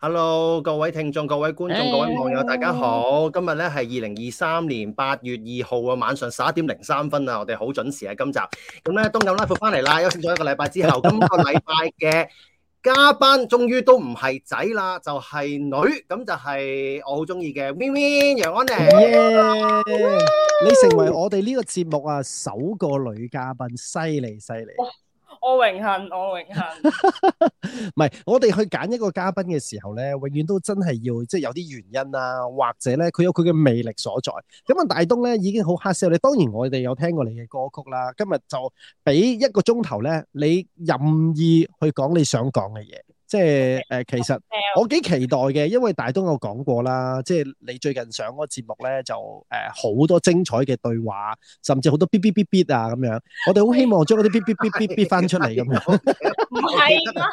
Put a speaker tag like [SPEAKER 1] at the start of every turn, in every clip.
[SPEAKER 1] hello，各位聽眾、各位觀眾、Hey. 各位網友，大家好！今日咧係二零二三年八月二號啊，晚上十一點零三分啊，我哋好準時啊，今集咁咧，東感拉闊翻嚟啦，休息咗一個禮拜之後， 今個禮拜嘅加班終於都唔係仔啦，就係、是、女，咁就係我好中意嘅 Win Win 楊安妮
[SPEAKER 2] 你成為我哋呢個節目啊首個女嘉賓，犀利犀利！
[SPEAKER 3] 我榮幸，
[SPEAKER 2] 我榮幸。唔係，我哋去揀一個嘉賓嘅時候咧，永遠都真係要，即係有啲原因啊，或者咧佢有佢嘅魅力所在。咁啊，大東咧已經好黑笑你，當然我哋有聽過你嘅歌曲啦，今日就俾一個鐘頭咧，你任意去講你想講嘅嘢。即係誒，其實我幾期待嘅，因為大東有講過啦，即係你最近上嗰個節目咧，就誒好多精彩嘅對話，甚至好多嗶嗶嗶嗶啊咁樣，我哋好希望將嗰啲嗶嗶嗶嗶嗶翻出嚟咁樣。係
[SPEAKER 1] 啊，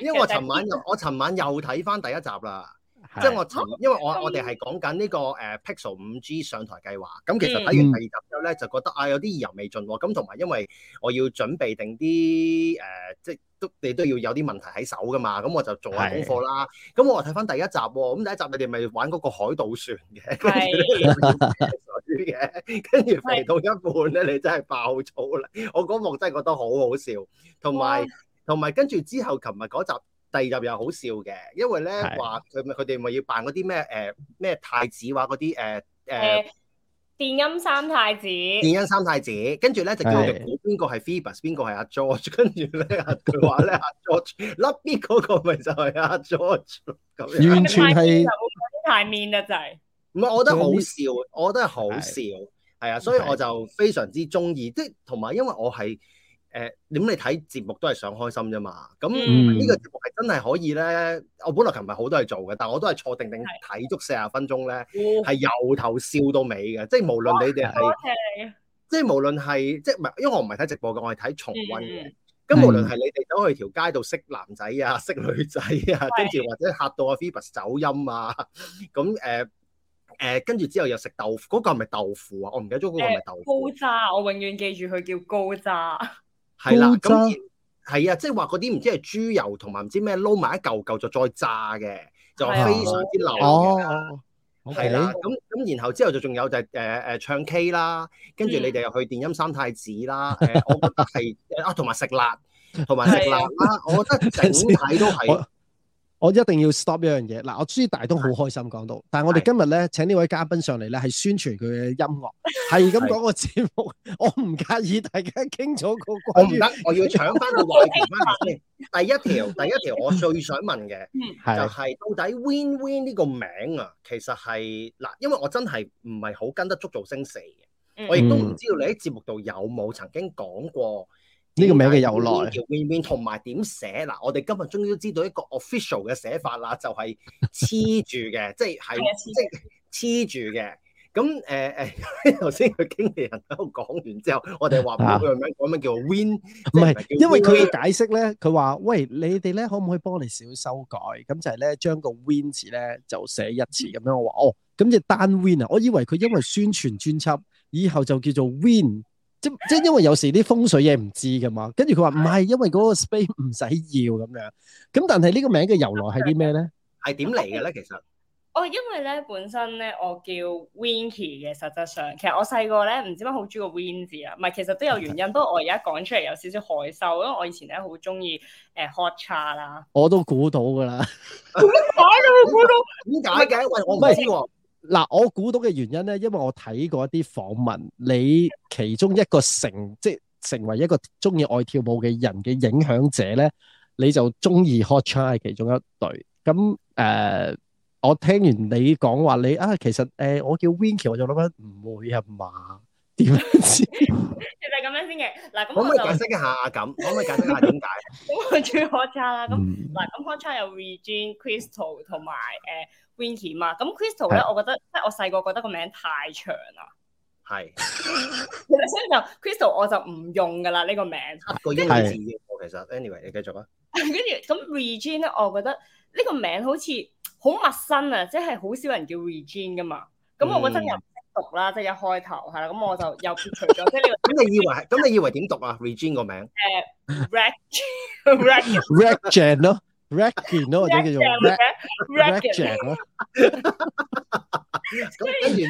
[SPEAKER 1] 因為我尋晚又我尋晚又睇翻第一集啦。即係我因為我我哋係講緊呢個誒 Pixel 五 G 上台計劃，咁其實睇完第二集之後咧，就覺得、嗯、啊有啲意猶未盡喎。咁同埋因為我要準備定啲誒、呃，即係都你都要有啲問題喺手噶嘛，咁我就做下功課啦。咁是我話睇翻第一集喎、哦，咁第一集你哋咪玩嗰個海盜船嘅，跟住嘅，跟住 肥到一半咧，你真係爆粗啦！是我嗰幕真係覺得好好笑，同埋同埋跟住之後，琴日嗰集。第二集又好笑嘅，因為咧話佢佢哋咪要扮嗰啲咩誒咩太子話嗰啲誒誒
[SPEAKER 3] 電音三太子，電音三
[SPEAKER 1] 太子，跟住咧就叫我哋估邊個係 Phoebus，邊個係阿 George，跟住咧佢話咧阿 George Love Me 嗰個咪就係阿 George 咁樣，完全
[SPEAKER 3] 係抬面啊！就
[SPEAKER 1] 係唔係？我覺得好笑，我覺得好笑，係啊是，所以我就非常之中意，即係同埋因為我係。誒、咁、呃、你睇節目都係想開心啫嘛？咁呢個節目係真係可以咧。我本來琴日好多嘢做嘅，但係我都係坐定定睇足四十分鐘咧，係、嗯、由頭笑到尾嘅。即係無論你哋係，即係無論係，即係唔係？因為我唔係睇直播嘅，我係睇重溫嘅。咁、嗯、無論係你哋走去條街度識男仔啊，識女仔啊，是跟住或者吓到阿 Phoebus 走音啊，咁誒誒，跟、呃、住、呃、之後又食豆腐嗰、嗰個係咪豆腐啊？我唔記得咗嗰個係咪豆腐、欸？
[SPEAKER 3] 高渣，我永遠記住佢叫高渣。係啦，咁
[SPEAKER 1] 而係啊，即係話嗰啲唔知係豬油同埋唔知咩撈埋一嚿嚿就再炸嘅，就的非常之流嘅，係啦。咁咁然後之後就仲有就係誒誒唱 K 啦，跟住你哋又去電音三太子啦。誒、嗯呃，我覺得係 啊，同埋食辣，同埋食辣啦，的我覺得整體都係。
[SPEAKER 2] 我一定要 stop 一樣嘢嗱，我知大家都好開心講到，但係我哋今日咧請呢位嘉賓上嚟咧係宣傳佢嘅音樂，係咁講個節目，
[SPEAKER 1] 我唔介意大家傾咗、嗰個關於， 我唔得，我要搶翻個話題翻嚟先。 第一條，第一條，我最想問嘅就係到底 Win Win 呢個名啊，其實係嗱，因為我真係唔係好跟得足造星四嘅，我亦都唔知道你喺節目度有冇曾經講過。呢個名嘅由來叫 Win Win，同埋點寫嗱？我哋今日終於知道一個 official 嘅寫法啦，就係黐住嘅，即係即係黐住嘅。咁誒誒，頭先佢經理人喺度講完之後，我哋話唔到佢個名，講咩、啊、叫做 win？唔係，因為佢解
[SPEAKER 2] 釋咧，佢話：喂，你哋咧可唔可以幫你少修改？咁就係咧將個 win 字咧就寫一次咁樣。我話哦，咁就單 win 啊！我以為佢因為宣傳專輯，以後就叫做 win。即即因為有時啲風水嘢唔知噶嘛，跟住佢話唔係，因為嗰個 space 唔使要咁樣。咁但係呢個名嘅由來係啲咩咧？
[SPEAKER 1] 係點嚟嘅咧？其實，
[SPEAKER 3] 我因為咧本身咧我叫 Winkey 嘅，實質上其實我細個咧唔知點好中意 Win 字啊。唔係，其實都有原因。不過我而家講出嚟有少少害羞，因為我以前咧好中意誒 HotCha 啦。
[SPEAKER 2] 我都估到噶啦，
[SPEAKER 3] 點解嘅？你估到？點解嘅？因為我唔知喎。
[SPEAKER 2] 嗱，我估到嘅原因咧，因為我睇過一啲訪問，你其中一個成即係成為一個中意愛跳舞嘅人嘅影響者咧，你就中意 Hot Cha 其中一隊。咁誒、呃，我聽完你講話，你啊，其實誒、呃，我叫 Winkie，我就諗緊唔會係嘛？
[SPEAKER 3] 點樣知？其實咁樣先嘅。嗱，咁我就解釋一下
[SPEAKER 1] 阿錦，可唔可以解釋下點解？
[SPEAKER 3] 咁我轉 contract 啦，咁嗱，咁 contract 有 Regine Crystal 同埋誒 Winky，咁 Crystal 咧，我覺得即係我細個覺得個名太長啦，係，所以就 Crystal 我就唔用噶啦呢個名，個字嘅。
[SPEAKER 1] 我其實 Anyway 你繼續啊，
[SPEAKER 3] 跟住咁 Regine 咧，我覺得呢個名好似好陌生啊，即係好少人叫 Regine 噶嘛，咁我覺得讀啦，即係一開頭係啦，咁我就又撇除
[SPEAKER 1] 咗。呢、嗯、咁你以為咁、嗯、你以為點讀啊？Regine 個名？
[SPEAKER 3] 誒，Reg
[SPEAKER 1] Reg Reginald。Racket 咯，或者叫做 Racket Jack 咯。咁跟住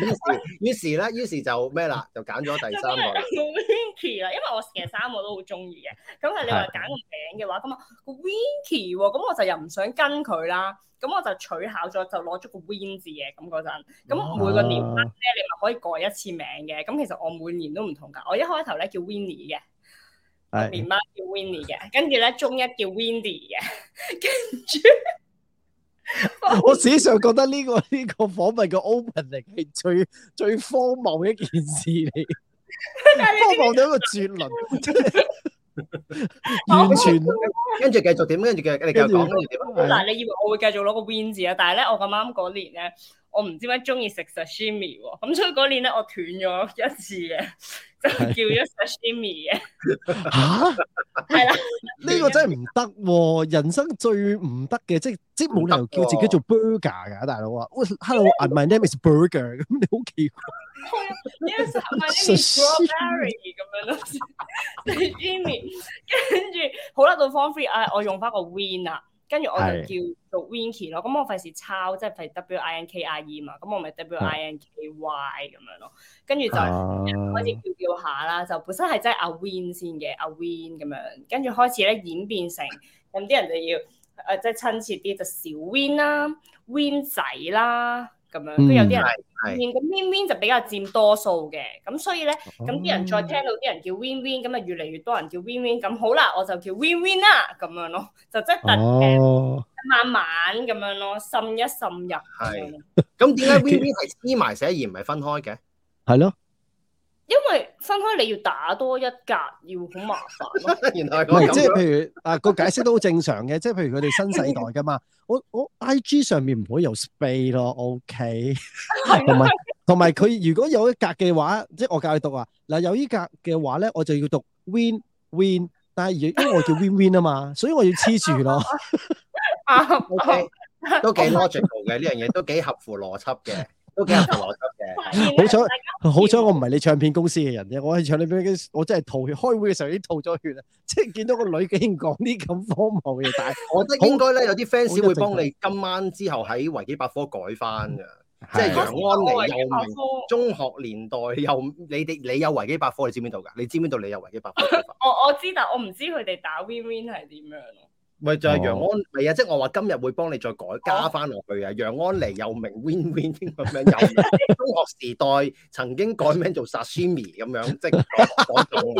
[SPEAKER 1] 於是咧，於是就咩啦？就揀咗第三個。
[SPEAKER 3] 咁啊，Winky 啦，因為我其實三個都好中意嘅。咁係你話揀個名嘅話，咁啊個 Winky 咁我就又唔想跟佢啦。咁我就取巧咗，就攞咗個 Win 字嘅。咁嗰陣，咁、啊、每個年級咧，你咪可以改一次名嘅。咁其實我每年都唔同噶。我一開頭咧叫 Winnie 嘅。我爹媽叫 Winnie 嘅，跟住咧中一叫 Windy 嘅， 跟住
[SPEAKER 2] 我，我史上覺得呢、這個呢、這個訪問嘅 opening 係最最荒謬一件事嚟。
[SPEAKER 3] 荒謬到一個轉輪，
[SPEAKER 1] 完全跟住繼續點？跟住繼續你繼續講嗱，
[SPEAKER 3] 你以為我會繼續攞個 Win 字啊？但係咧，我咁啱嗰年咧。我唔知乜中意食 sashimi 喎，咁所以嗰年咧我斷咗一次嘅，就叫咗 sashimi 嘅。
[SPEAKER 2] 嚇是的，係啦，呢個真係唔得喎！人生最唔得嘅，即係即係冇理由叫自己做 burger 噶，大佬啊。Hello, and my name is burger。咁你好奇
[SPEAKER 3] 怪 ，strawberry 咁樣咯，對 Jimmy。跟住好啦，到 form 3我用翻個 Win 啊。跟住我就叫做 Winkey 是咯，咁我費事抄，即係費 W I N K I E 嘛，咁我咪 W I N K Y 咁樣咯，跟住就、嗯、開始叫叫下啦，就本身係真係阿 Win 先嘅阿 Win 咁樣，跟住開始咧演變成咁啲人就要誒、呃、即係親切啲就小 Win 啦，Win 仔啦咁樣，跟住有啲人、嗯。是面咁 win win 就比較佔多數嘅，咁所以咧，咁啲、哦、人再聽到啲人叫 win win，咁啊越嚟越多人叫 win win，咁好啦，我就叫 win win 啦，咁樣咯，就即係突然、哦、慢慢咁樣咯，滲一滲入去。
[SPEAKER 1] 咁點解 win win 係黐埋寫而唔係分開嘅？
[SPEAKER 2] 係咯。
[SPEAKER 3] 因為分開你要打多一格，要好麻煩、啊。 原來係，即係
[SPEAKER 2] 譬如 啊、嗰個解釋都好正常嘅，即係譬如佢哋新世代㗎嘛。我我 I G 上面唔會有 space 咯，O K。係、okay? 同埋同埋佢如果有一格嘅話，即係我教你讀啊。嗱有呢格嘅話咧，我就要讀 win win，但係因為我叫 win win 啊嘛，所以我要黐住咯。 o、
[SPEAKER 1] okay? K，都幾 logical 嘅呢樣嘢，都幾合乎邏輯嘅。都 好嘅，好
[SPEAKER 2] 彩好彩我唔係你唱片公司嘅人啫，我喺唱片公司，我真係吐血，開會嘅時候已經吐咗血啊！即係見到個女嘅，仲講啲咁荒謬
[SPEAKER 1] 嘅，但係我即係 應該咧，有啲 fans 會幫你今晚之後喺維基百科改翻㗎， 即係楊安妮又明 中學年代又你哋，你有維基百科你知邊度噶？你知邊度你有維基百科？百科
[SPEAKER 3] 我我知但我唔知佢哋打、v、win win 係點樣。
[SPEAKER 1] 咪就係楊安妮，唔係啊！即係我話今日會幫你再改加翻落去啊！楊安妮又名，win win 咁樣又。 中學時代曾經改名做 Sashimi 咁樣，即係改
[SPEAKER 2] 咗。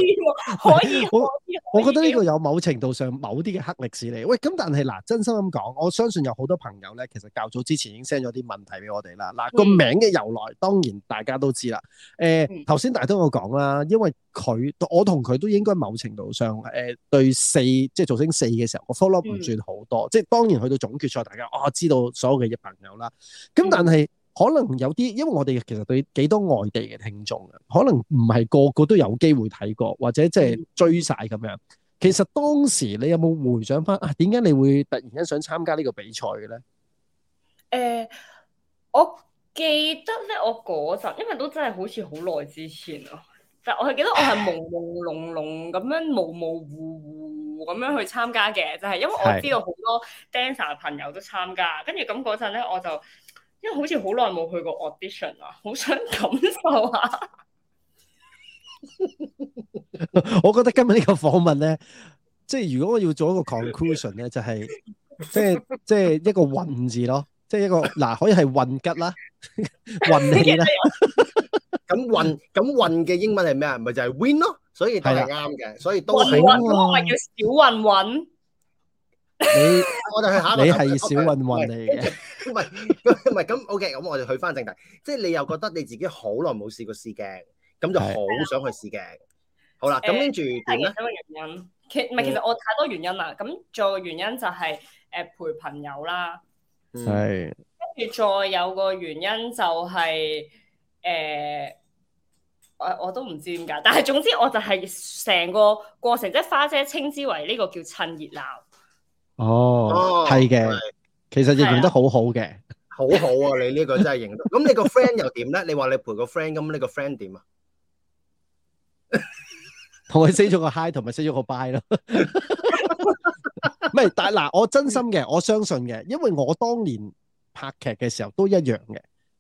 [SPEAKER 2] 可以，可以可以我，我覺得呢個有某程度上某啲嘅黑歷史嚟。喂，咁但係嗱，真心咁講，我相信有好多朋友咧，其實較早之前已經 send 咗啲問題俾我哋啦。嗱個名嘅由來，當然大家都知啦。誒頭先大家都有講啦，因為佢我同佢都應該某程度上誒、欸、對四，即係造星四嘅時候唔算好多，即係、嗯、當然去到總決賽，大家啊，知道所有嘅朋友啦。咁但係可能有啲，因為我哋其實對幾多外地嘅聽眾啊，可能唔係個個都有機會睇過，或者即係追晒咁樣。其實當時你有冇回想翻啊？點解你會突然間想參加呢個比賽嘅咧？
[SPEAKER 3] 誒、欸，我記得咧，我嗰陣，因為都真係好似好耐之前啊。我係記得我係朦朦朧朧咁樣、模模糊糊咁樣去參加嘅，就係、是、因為我知道好多 dancer 朋友都參加，跟住咁嗰陣咧，我就因為好似好耐冇去過 audition 啦，好想感受下。
[SPEAKER 2] 我覺得今日呢個訪問咧，即係如果我要做一個 conclusion 咧、就是，就係即係即係一個運字咯，即、就、係、是、一個嗱，可以係運吉啦，
[SPEAKER 1] 運氣啦。 咁運咁運嘅英文係咩啊？咪就係 win 咯，所以係啱嘅，所以都係 win。運運，我咪叫小運運。你我哋去下。你係小運運嚟嘅，唔係唔係咁。OK，咁我哋去返正題，即係你又覺得你自己好耐冇試過試鏡，咁就好想去試鏡。好啦，咁跟住點咧？
[SPEAKER 3] 第一個原因，其唔係其實我太多原因啦。咁仲有原因就係誒陪朋友啦，係。跟住再有個原因就係。誒、呃，我我都唔知點解，但係總之我就係成個過程，即係花姐稱之為呢個叫趁熱鬧。
[SPEAKER 2] 哦，係嘅，其實形容得好好嘅，
[SPEAKER 1] 的好好啊！你呢、這個 真係認得。咁你個 friend 又點咧？你話你陪個 friend，咁你個 friend 點啊？
[SPEAKER 2] 同 佢 say 咗個 hi 同埋 say 咗個 bye 咯。
[SPEAKER 1] 唔 係，
[SPEAKER 2] 但嗱，我真心嘅，我相信嘅，因為我當年拍劇嘅時候都一樣嘅。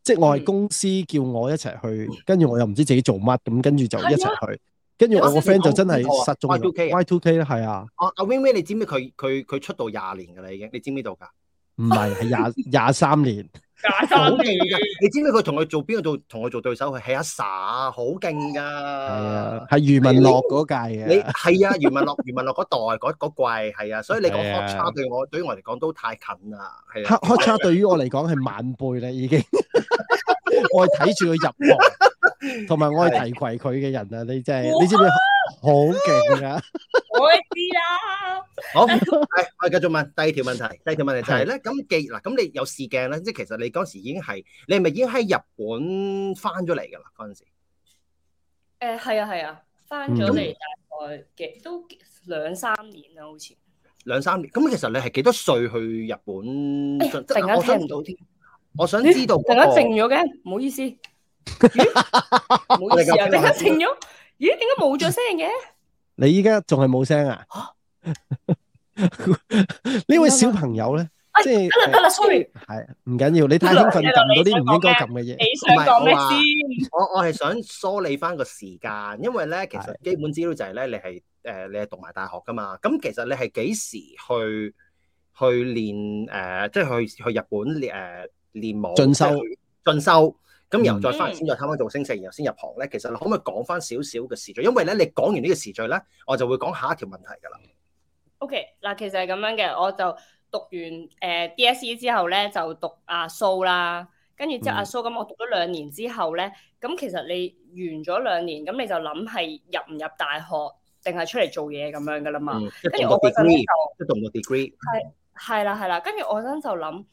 [SPEAKER 2] 即係我係公司叫我一齊去，跟住我又唔知自己做乜，咁跟住就一齊去。的跟住我個 friend 就真係失蹤咗 Y2K 啦，係啊。
[SPEAKER 1] 阿 WinWin，你知唔知佢佢佢出道廿年㗎啦已經，你知唔知度㗎？唔係，係廿
[SPEAKER 2] 廿三年。
[SPEAKER 1] 好勁噶！你知唔知佢同佢做邊個做同佢做對手？係係阿 s a 好勁噶。係
[SPEAKER 2] 余文樂嗰屆嘅。你係 啊，余文樂，
[SPEAKER 1] 余文樂嗰代嗰季係啊，所以你講 hot 差對我，對，我、啊、對，我對於我嚟講都太近啦。係啊，hot
[SPEAKER 2] 差對於我嚟講係晚輩啦，已經。 我係睇住佢入行。同埋我係提攜佢嘅人啊，你真係，你知唔知
[SPEAKER 4] 好勁噶？我知啦。
[SPEAKER 1] 好，我繼續問第二條問題。第二條問題就係咧，咁既嗱，咁你有試鏡咧，即係其實你嗰時已經係，你係咪已經喺日本翻咗嚟噶啦？嗰陣時
[SPEAKER 3] 誒，係啊係啊，翻咗嚟大概幾都兩三年啦，好似
[SPEAKER 1] 兩三年。咁其實你係幾多歲去日本？靜下聽唔到添，我想知道靜下靜
[SPEAKER 3] 咗嘅，唔好意思。咦，唔好意思啊，突然停咗，咦，點解冇咗聲嘅？
[SPEAKER 2] 你依家仲係冇聲啊？呢位小朋友咧，
[SPEAKER 3] 即係得啦，得啦，sorry，
[SPEAKER 2] 係唔緊要，你太興奮撳嗰啲唔應該撳嘅嘢。唔係，
[SPEAKER 1] 我我係想梳理翻個時間，因為咧，其實基本資料就係咧，你係誒，你係讀埋大學噶嘛？咁其實你係幾時去去練誒？即係去去日本練誒練舞進修，進修。咁然後再翻嚟先，再啱啱做升息，然後先入行咧。其實你可唔可以講翻少少嘅時序？因為咧，你講完呢個時序咧，我就會講下一條問題噶啦。
[SPEAKER 3] O K，嗱，其實係咁樣嘅，我就讀完誒 D S E 之後咧，就讀阿蘇啦。跟住之後阿蘇，咁、嗯、我讀咗兩年之後咧，咁其實你完咗兩年，咁你就諗係入唔入大學，定係出嚟做嘢咁樣噶啦嘛？跟住、嗯、我嗰陣咧
[SPEAKER 1] 就讀、嗯、個 degree，係
[SPEAKER 3] 係啦係啦。跟住我真就諗。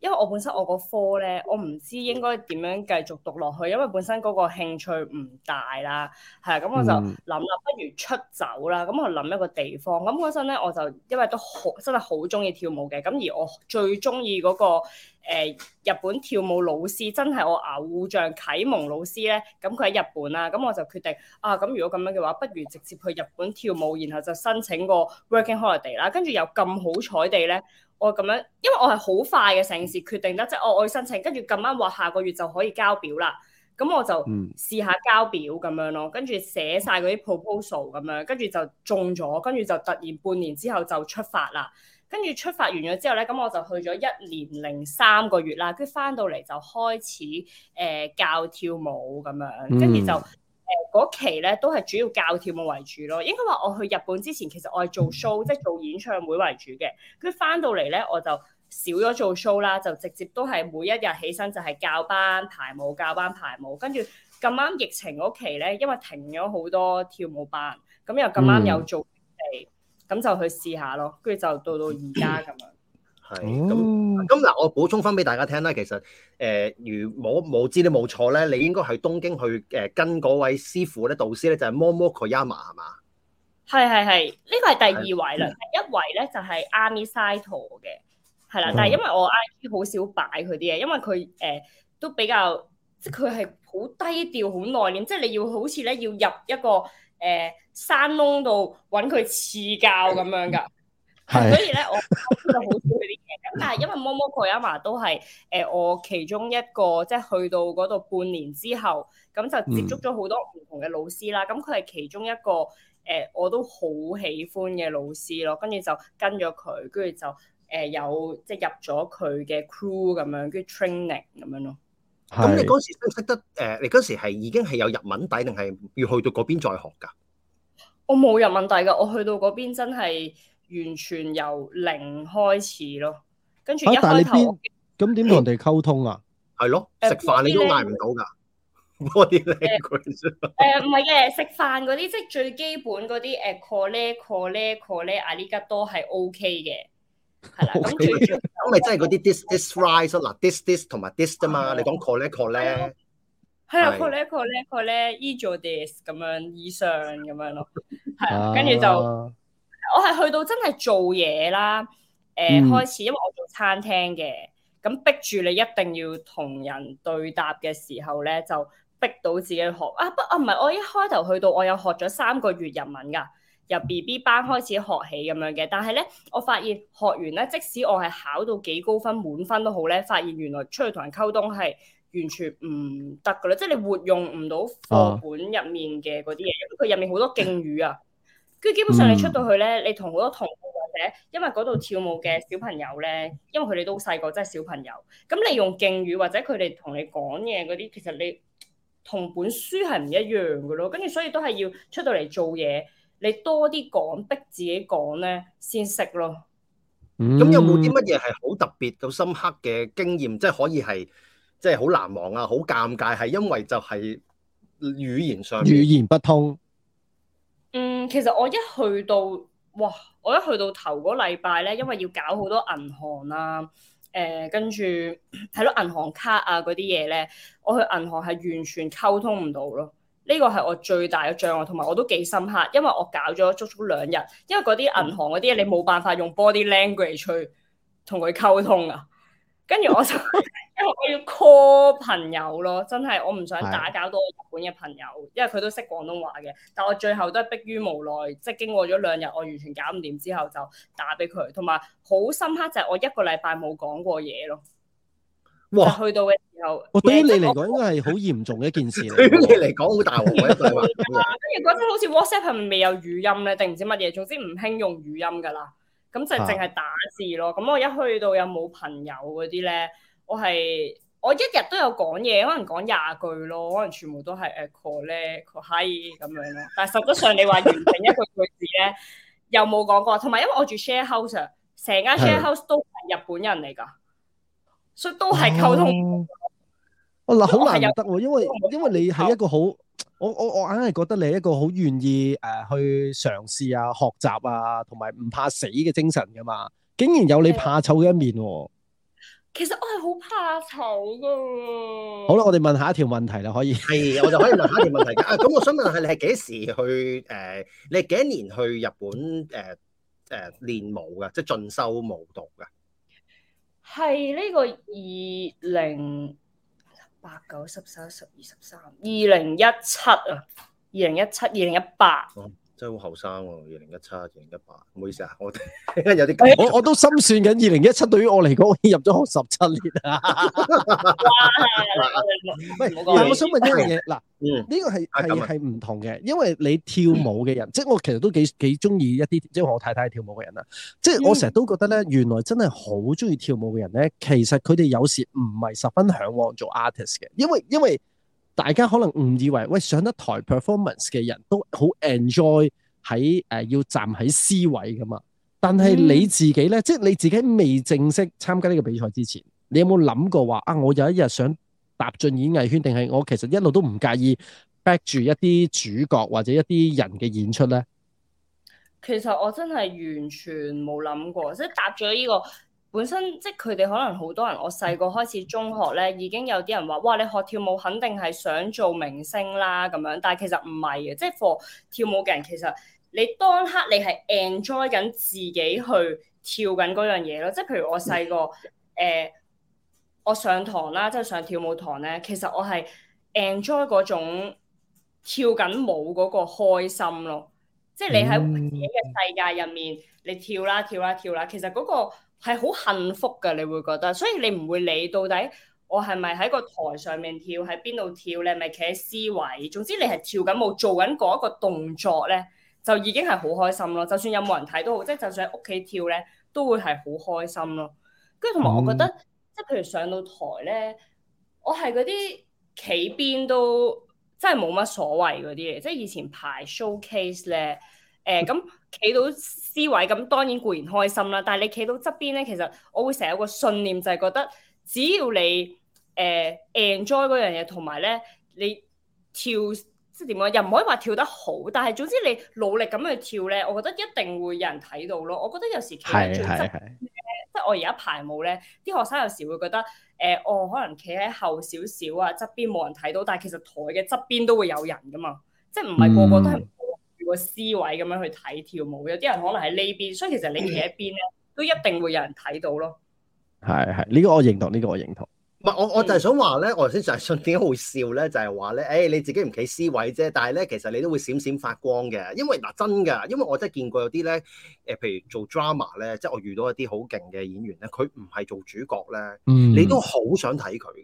[SPEAKER 3] 因為我本身我嗰科咧，我唔知應該點樣繼續讀落去，因為本身嗰個興趣唔大啦，係啊，咁我就諗啦，嗯、不如出走啦，咁我諗一個地方。咁嗰陣咧，我就因為都好真係好中意跳舞嘅，咁而我最中意嗰個、呃、日本跳舞老師，真係我偶像啟蒙老師咧，咁佢喺日本啊，咁我就決定啊，咁如果咁樣嘅話，不如直接去日本跳舞，然後就申請個 working holiday 啦，跟住又咁好彩地咧。我咁樣，因為我係好快嘅，成件事決定得，即係我我申請，跟住咁啱話下個月就可以交表啦。咁我就試下交表咁樣咯，跟住寫晒嗰啲 proposal 咁樣，跟住就中咗，跟住就突然半年之後就出發啦。跟住出發完咗之後咧，咁我就去咗一年零三個月啦，跟住翻到嚟就開始誒、呃、教跳舞咁樣，跟住就。嗰、呃、期咧都係主要教跳舞為主咯，應該話我去日本之前其實我係做 show 即係做演唱會為主嘅，跟住翻到嚟咧我就少咗做 show 啦，就直接都係每一日起身就係教班排舞、教班排舞，跟住咁啱疫情嗰期咧，因為停咗好多跳舞班，咁又咁啱有做地，咁、嗯、就去試下咯，跟住就到到而家咁樣。
[SPEAKER 1] 係咁，咁嗱，我補充翻俾大家聽啦。其實，誒、呃，如冇冇知你冇錯咧，你應該喺東京去誒、呃、跟嗰位師傅、咧，導師咧就係 Momoko 嘛，係嘛？
[SPEAKER 3] 係係係，呢個係第二位啦。是第一位咧就係 Armita 嘅，係啦。但係因為我 I P 好少擺佢啲嘢，因為佢誒、呃、都比較即係佢係好低調、好內斂，即、就、係、是、你要好似咧要入一個誒、呃、山窿度揾佢賜教咁樣噶。是 所以咧，我就好少去啲嘢。咁但係，因為摩摩哥阿麻都係誒、呃，我其中一個即係去到嗰度半年之後，咁就接觸咗好多唔同嘅老師啦。咁佢係其中一個誒、呃，我都好喜歡嘅老師咯。跟住就跟咗佢，跟住就誒有即係入咗佢嘅 crew 咁樣，跟住 training 咁樣咯。
[SPEAKER 1] 咁你嗰時識得誒？你嗰時係已經係有日文底，定係要去到嗰邊再學噶？
[SPEAKER 3] 的我冇日文底噶，我去到嗰邊真係。完全由零開始咯，跟住一開頭
[SPEAKER 2] 咁點同人哋溝通啊？係咯，食飯你都嗌唔
[SPEAKER 4] 到㗎。誒
[SPEAKER 3] 唔係嘅，食飯嗰啲即係最基本嗰啲誒 call 咧 call 咧 call 咧呢家都係 OK 嘅，
[SPEAKER 1] 係啦。咁咪真係嗰啲 this this rise 嗱 this this 同埋 this 啫嘛？你講 call 咧
[SPEAKER 3] 係啊 call 咧 call 咧 call 咧 easy this 咁樣以上咁樣咯，係啊，跟住就。我係去到真係做嘢啦，誒、呃嗯、開始，因為我做餐廳嘅，咁逼住你一定要同人對答嘅時候咧，就逼到自己學啊不啊唔係，我一開頭去到我有學咗三個月日文噶，由 B B 班開始學起咁樣嘅，但係咧，我發現學完咧，即使我係考到幾高分滿分都好咧，發現原來出去同人溝通係完全唔得噶啦，即係你活用唔到課本入面嘅嗰啲嘢，佢入面、啊、好多敬語啊。 跟住基本上你出到去咧，你同好多同學或者因為嗰度跳舞嘅小朋友咧，因為佢哋都細個，真係小朋友。咁你用敬語或者佢哋同你講嘢嗰啲，其實你同本書係唔一樣嘅咯。跟住所以都係要出到嚟做嘢，你多啲講逼自己講咧，先識咯。
[SPEAKER 1] 咁有冇啲乜嘢係好特別、好深刻嘅經驗，即係可以係即係好難忘啊？好尷尬係因為就係語言上語言不通。
[SPEAKER 3] 嗯，其實我一去到，哇！我一去到頭嗰禮拜咧，因為要搞好多銀行啊，誒、呃，跟住係咯，到銀行卡啊嗰啲嘢咧，我去銀行係完全溝通唔到咯。呢、呢個係我最大嘅障礙，同埋我都幾深刻，因為我搞咗足足兩日，因為嗰啲銀行嗰啲嘢你冇辦法用 body language 去同佢溝通啊。跟住我就。 因為我要 call 朋友咯，真係我唔想打攪到我日本嘅朋友，因為佢都識廣東話嘅。但我最後都係迫於無奈，即係經過咗兩日，我完全搞唔掂之後，就打俾佢。同埋好深刻就係我一個禮拜冇講過嘢咯。
[SPEAKER 4] 哇！
[SPEAKER 2] 去
[SPEAKER 3] 到嘅時候，我、哦、對
[SPEAKER 2] 於你嚟講應該係好嚴重嘅一件事。 對於你嚟講 好大鑊
[SPEAKER 3] 嘅一句話。跟住嗰陣好似 WhatsApp 係未有語音咧，定唔知乜嘢？總之唔興用語音噶啦。咁就淨係打字咯。咁我一去到有冇朋友嗰啲咧。我係我一日都有講嘢，可能講廿句咯，可能全部都係誒、uh, call 咧 call 閪咁樣咯。但係實質上你完整話完成一個句子咧， 又冇講過。同埋因為我住 share house，成間 share house 都係日本人嚟㗎，是所以都係溝通。嗱、啊，好難
[SPEAKER 2] 得喎，因為因為你係一個好，我我我硬係覺得你係一個好願意誒去嘗試啊、學習啊，同埋唔怕死嘅精神㗎嘛，竟然有你怕醜嘅一面喎。
[SPEAKER 3] 其實我係、啊、好怕醜噶。
[SPEAKER 2] 好啦，我哋問下一條問題啦，可以。係，我就可以問一下一條問題嘅。咁、 啊、我想問
[SPEAKER 1] 下你、呃，你係幾時去誒？你係幾年去日本誒誒、呃呃、練舞嘅？即、就、係、是、進修舞
[SPEAKER 3] 蹈嘅。係呢個二零八九、十、十一、十二、十三、二零一七啊！二零一七、二零一八。
[SPEAKER 1] 即係好後生喎，二零一七，二零一八，唔好意思啊，我 有啲感，我我都心
[SPEAKER 2] 算緊二零一七對於我嚟講，我入咗學十七年啊。
[SPEAKER 4] 喂 我想問一樣嘢，嗱、這個，呢個係係係
[SPEAKER 2] 唔同嘅，因為你跳舞嘅人，嗯、即係我其實都幾幾中意一啲，即係我太太跳舞嘅人啦。嗯、即係我成日都覺得咧，原來真係好中意跳舞嘅人咧，其實佢哋有時唔係十分向往，往做 artist 嘅，因為因為。大家可能誤以為，喂上一台 performance 嘅人都好 enjoy 喺誒要站喺 C 位㗎嘛？但係你自己咧，嗯、即係你自己未正式參加呢個比賽之前，你有冇諗過話啊？我有一日想踏進演藝圈，定係我其實一路都唔介意 back 住一啲主角或者一啲人嘅演出咧？
[SPEAKER 3] 其實我真係完全冇諗過，即係踏咗呢個。本身即係佢哋可能好多人，我細個開始中學咧，已經有啲人話，哇！你學跳舞肯定係想做明星啦咁樣。但係其實唔係嘅，即係學跳舞嘅人其實你當刻你係 enjoy 緊自己去跳緊嗰樣嘢咯。即係譬如我細個誒，我上堂啦，即係上跳舞堂咧，其實我係 enjoy 嗰種跳緊舞嗰個開心咯。即係你喺自己嘅世界入面，你跳啦跳啦跳啦，其實嗰個。係好幸福㗎，你會覺得，所以你唔會理到底我係咪喺個台上面跳，喺邊度跳，你係咪企喺 C 位？總之你係跳緊舞，做緊嗰一個動作咧，就已經係好開心咯。就算有冇人睇都好，即係就算喺屋企跳咧，都會係好開心咯。跟住同埋我覺得，即係、um、譬如上到台咧，我係嗰啲企邊都真係冇乜所謂嗰啲嘢，即係以前排 showcase 咧。誒咁企到 C 位，咁當然固然開心啦。但係你企到側邊咧，其實我會成日有個信念，就係覺得只要你誒 enjoy 嗰樣嘢，同埋咧你跳即係點講，又唔可以話跳得好，但係總之你努力咁去跳咧，我覺得一定會有人睇到咯。我覺得有時企喺最側邊，即係我而家排舞咧，啲學生有時會覺得誒，我、呃哦、可能企喺後少少啊側邊冇人睇到，但係其實台嘅側邊都會有人噶嘛，即係唔係個個都係、嗯。個 C 位咁樣去睇跳舞，有啲人可能喺呢邊，所以其實你企一邊咧，嗯、都一定會有人睇到咯。
[SPEAKER 2] 係係，呢、這個我認同，呢、這個我認同。
[SPEAKER 3] 唔係我我就係想話咧、嗯，我頭先上
[SPEAKER 1] 信點解會笑咧，就係話咧，誒、欸、你自己唔企 C 位啫，但係咧其實你都會閃閃發光嘅，因為嗱、啊、真噶，因為我真係見過有啲咧，誒譬如做 drama 咧，即係我遇到一啲好勁嘅演員咧，佢唔係做主角咧，你都好想睇佢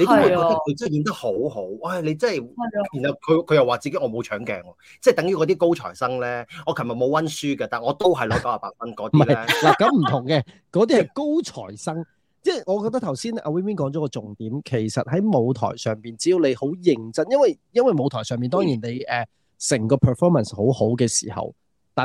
[SPEAKER 1] 你都會覺得佢真係演得好好，哇的、哎！你真係，的然後佢佢又話自己我冇搶鏡喎，即、就、係、是、等於嗰啲高材生咧。我琴日冇溫書嘅，但我都係攞九十八分嗰啲咧。嗱
[SPEAKER 2] 咁唔同嘅，嗰啲係高材生。 即係我覺得頭先阿 WinWin 講咗個重點，其實喺舞台上邊，只要你好認真，因為因為舞台上面當然你誒成、嗯呃、個 performance 好好嘅時候。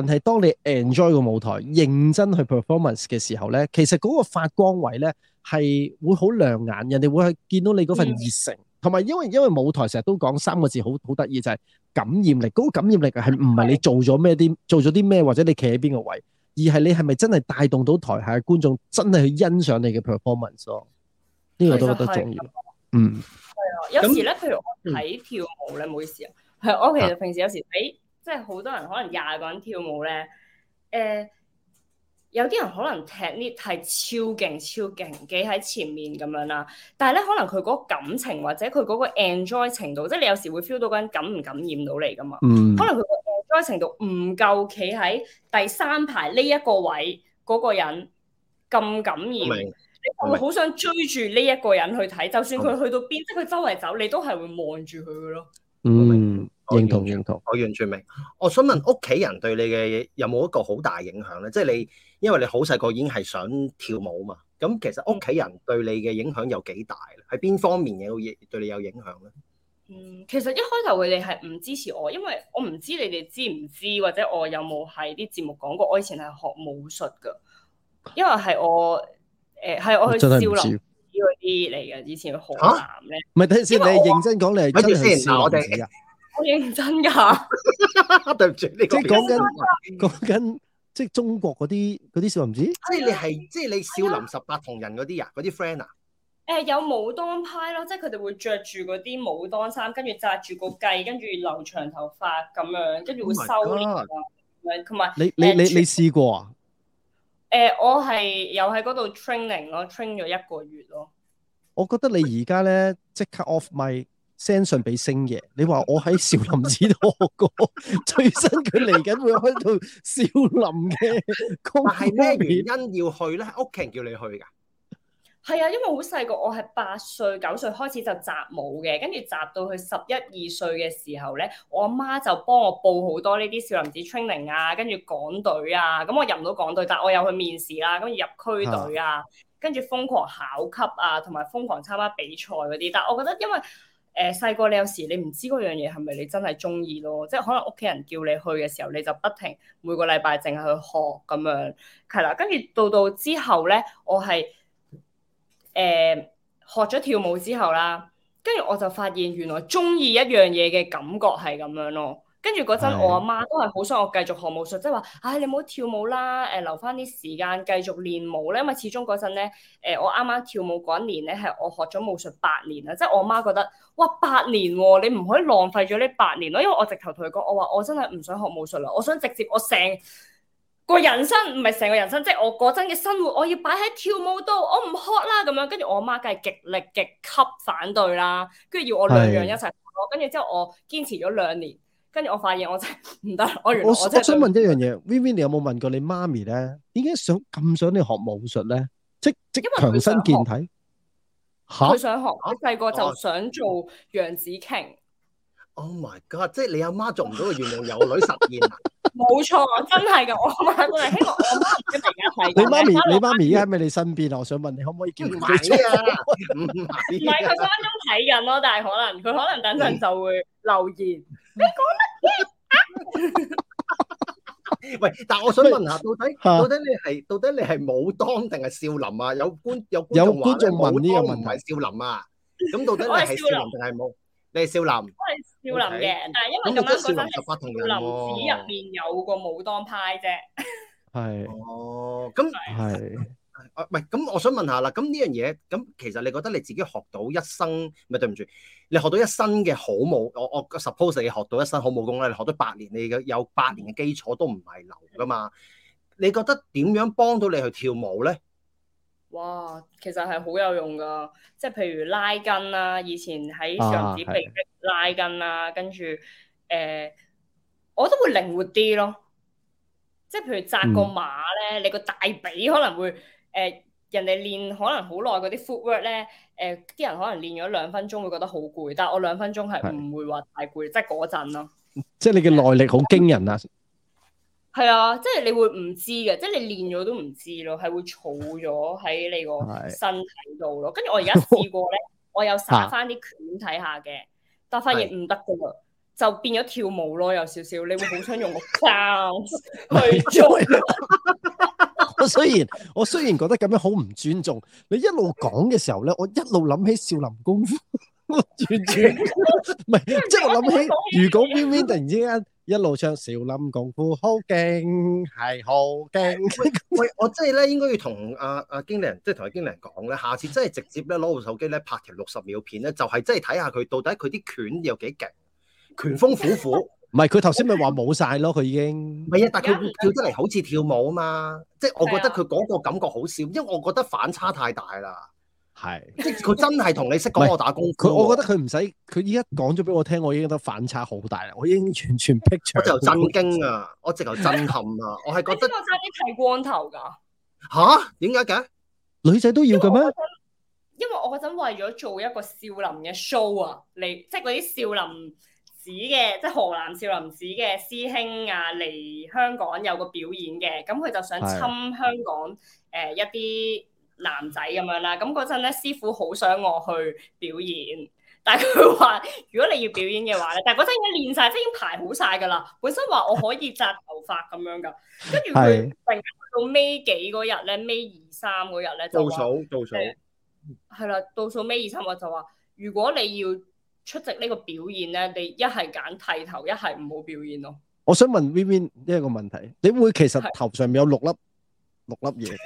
[SPEAKER 2] 但係當你 enjoy 個舞台，認真去 performance 嘅時候咧，其實嗰個發光位咧係會好亮眼，人哋會去見到你嗰份熱誠。同埋因為因為舞台成日都講三個字，好好得意，就係感染力。嗰個感染力係唔係你做咗咩啲，做咗啲咩，或者你企喺邊個位，而係你係咪真係帶動到台下嘅觀眾真係去欣賞你嘅 performance 咯？呢個我都覺得重要。
[SPEAKER 3] 嗯，
[SPEAKER 4] 係啊。有時咧，譬如我睇跳舞咧，唔
[SPEAKER 3] 好意思啊。係，我其實平時有時睇。即係好多人可能廿個人跳舞咧，誒、呃、有啲人可能踢 lift 係超勁超勁，企喺前面咁樣啦。但係咧，可能佢嗰個感情或者佢嗰個 enjoy 程度，即係你有時會 feel 到嗰個人感唔感染到你噶嘛？嗯、可能佢 enjoy 程度唔夠，企喺第三排呢一個位嗰個人咁感染，你會好想追住呢一個人去睇，就算佢去到邊，即佢周圍走，你都係會望住佢噶咯。嗯。
[SPEAKER 1] 認同認同，我完全明。我想問屋企人對你嘅嘢有冇一個好大影響咧？即係你因為你好細個已經係想跳舞嘛？咁其實屋企人對你嘅影響有幾大咧？係邊方面嘢會影對你有影響咧？嗯，
[SPEAKER 3] 其實一開頭佢哋係唔支持我，因為我唔知你哋知唔知，或者我有冇喺啲節目講過，我以前係學武術噶，因為係我誒係、呃、我去少林啲嗰啲嚟嘅，以前去河南咧。唔
[SPEAKER 2] 係等陣先，你係認真講，你係真係少林寺噶？
[SPEAKER 3] 我認真噶， 對唔住，即係講緊
[SPEAKER 2] 講緊，即係中國嗰啲啲少林寺。哎、呀
[SPEAKER 3] 即係你係即係你少林十
[SPEAKER 1] 八銅人嗰啲啊，嗰啲 friend 啊。
[SPEAKER 3] 誒、呃，有武當派咯，即係佢哋會着住嗰啲武當衫，跟住紮住個髻，跟住留長頭髮咁樣，跟住會修煉啊。同埋，你你你你試過啊？誒、呃，我係又喺嗰度 training 咯，training 咗一個月咯。
[SPEAKER 2] 我覺得你而家咧即刻 off 咪。send 信俾星爺，你話我喺少林寺度學過， 最
[SPEAKER 1] 新佢嚟緊會去到少林嘅。但係咩原因要去咧？屋企人叫你去噶？
[SPEAKER 3] 係啊，因為好細個，我係八歲、九歲開始就習武嘅，跟住習到去十一二歲嘅時候咧，我阿媽就幫我報好多呢啲少林寺 training 啊，跟住港隊啊，咁我入唔到港隊，但係我有去面試啦，跟住入區隊啊，跟住瘋狂考級啊，同埋瘋狂參加比賽嗰啲，但係我覺得因為。誒細個你有時你唔知嗰樣嘢係咪你真係中意咯，即係可能屋企人叫你去嘅時候你就不停每個禮拜淨係去學咁樣，係啦，跟住到到之後咧，我係誒、呃、學咗跳舞之後啦，跟住我就發現原來中意一樣嘢嘅感覺係咁樣咯。跟住嗰陣，我阿媽都係好想我繼續學武術，即係話：唉、哎，你唔好跳舞啦，誒、呃、留翻啲時間繼續練武咧。因為始終嗰陣咧，誒、呃、我啱啱跳舞嗰一年咧係我學咗武術八年啦。即係我媽覺得：哇，八年喎，你唔可以浪費咗呢八年咯。因為我直頭同佢講，我話我真係唔想學武術啦，我想直接我成個人生唔係成個人生，即係我嗰陣嘅生活我，我要擺喺跳舞度，我唔學啦咁樣。跟住我阿媽梗係極力極級反對啦，跟住要我兩樣一齊學。跟住的之後我堅持咗兩年。跟住我發現我真係唔得，我我， 我，我想
[SPEAKER 2] 問一樣嘢，WinWin，你有冇問過你媽咪咧？點解想咁想你學武術咧？
[SPEAKER 1] 即即
[SPEAKER 3] 強身健體。
[SPEAKER 2] 嚇！佢
[SPEAKER 3] 想學，佢細個就想做楊紫瓊。啊
[SPEAKER 1] Oh my god！即係你阿媽做唔到嘅願望，有女實現
[SPEAKER 3] 啊！冇錯，真係噶，我媽都係希望我媽而家係。你媽咪，你媽咪依家
[SPEAKER 2] 喺咪你身邊啊？我想問你，可唔可以叫佢買啊？唔係，唔
[SPEAKER 3] 係。佢關中睇緊咯，但係可能佢可能等陣就會留言。講乜嘢啊？
[SPEAKER 1] 喂，但係我想問下，到底到底你係到底你係武當定係少林啊？有觀有觀眾問呢個問題，少林啊？咁到底你係少林定係武？你係少林，都
[SPEAKER 3] 係少林嘅，但係因為咁樣嗰陣少林寺入面有個武當派啫是。
[SPEAKER 1] 係， 哦，咁那係，唔係咁，我想問，問下啦，咁呢樣嘢，咁其實你覺得你自己學到一生，唔係對唔住，你學到一身嘅好武，我我 suppose 你學到一身好武功咧，你學到八年，你嘅有八年嘅基礎都唔係流㗎嘛？你覺得點樣幫到你去跳舞咧？
[SPEAKER 3] 哇，其實係好有用噶，即係譬如拉筋啦、啊，以前喺上址被逼拉筋啦、啊，啊、跟住誒、呃、我都會靈活啲咯。即係譬如扎個馬咧，嗯、你個大髀可能會誒、呃、人哋練可能好耐嗰啲 footwork 咧，誒、呃、啲人可能練咗兩分鐘會覺得好攰，但係我兩分鐘係唔會話太攰，即係嗰陣咯。
[SPEAKER 2] 即係你嘅耐力好驚人
[SPEAKER 1] 啊！
[SPEAKER 3] 係啊，即係你會唔知嘅，即係你練咗都唔知咯，係會儲咗喺你個身體度咯。跟住我而家試過咧， 我有耍翻啲拳睇下嘅，但係發現唔得噶啦， 就變咗跳舞咯，有少少。你會好想用個 c 去
[SPEAKER 4] 做、 就是。
[SPEAKER 2] 我雖然我雖然覺得咁樣好唔尊重，你一路講嘅時候咧，我一路諗起少林功夫，我 完全唔然係， 即係我諗起如果 WinWin 突然之間。一路唱少林功夫好勁，
[SPEAKER 1] 係好勁。 喂，我真係咧、啊，應該要同阿阿經理人，即係同阿經理人講咧，下次真係直接咧攞部手機咧拍條六十秒片咧，就係、是、真係睇下佢到底佢啲拳有幾勁，
[SPEAKER 2] 拳風虎虎。唔係， 佢頭先咪話冇晒咯，
[SPEAKER 1] 佢已經。唔係啊，但係佢跳得嚟好似跳舞啊嘛，即、就、係、是、我覺得佢嗰個感覺好笑，因為我覺得反差太大啦。係， 即係佢真係同你識講我打工，佢我覺得佢
[SPEAKER 2] 唔使，佢依家講咗俾我聽，我已經覺得反差好大啦，我已經完全劈場我。我就震驚啊，我直頭
[SPEAKER 1] 震撼啊，我係覺得。
[SPEAKER 3] 點解我差啲剃光頭噶？
[SPEAKER 1] 吓、啊，點解嘅？女仔都要嘅咩？
[SPEAKER 3] 因為我嗰陣為咗做一個少林嘅 show 啊，嚟即係嗰啲少林寺嘅，即係河南少林寺嘅師兄啊嚟香港有個表演嘅，咁佢就想侵香港誒的、呃、一啲。男仔咁樣啦，咁嗰陣咧，師傅好想我去表演，但係佢話如果你要表演嘅話咧，但係嗰陣已經練晒，即已經排好晒噶啦。本身話我可以紮頭髮咁樣噶，跟住佢成日，個日到尾幾嗰日咧，尾二三嗰日咧就話倒數倒數，係啦，倒數尾二三我就話，如果你要出席呢個表演咧，你一係揀剃頭，一係唔好表演咯。
[SPEAKER 2] 我想問 WinWin 一個問題，點會其實頭上面有六粒的六粒嘢？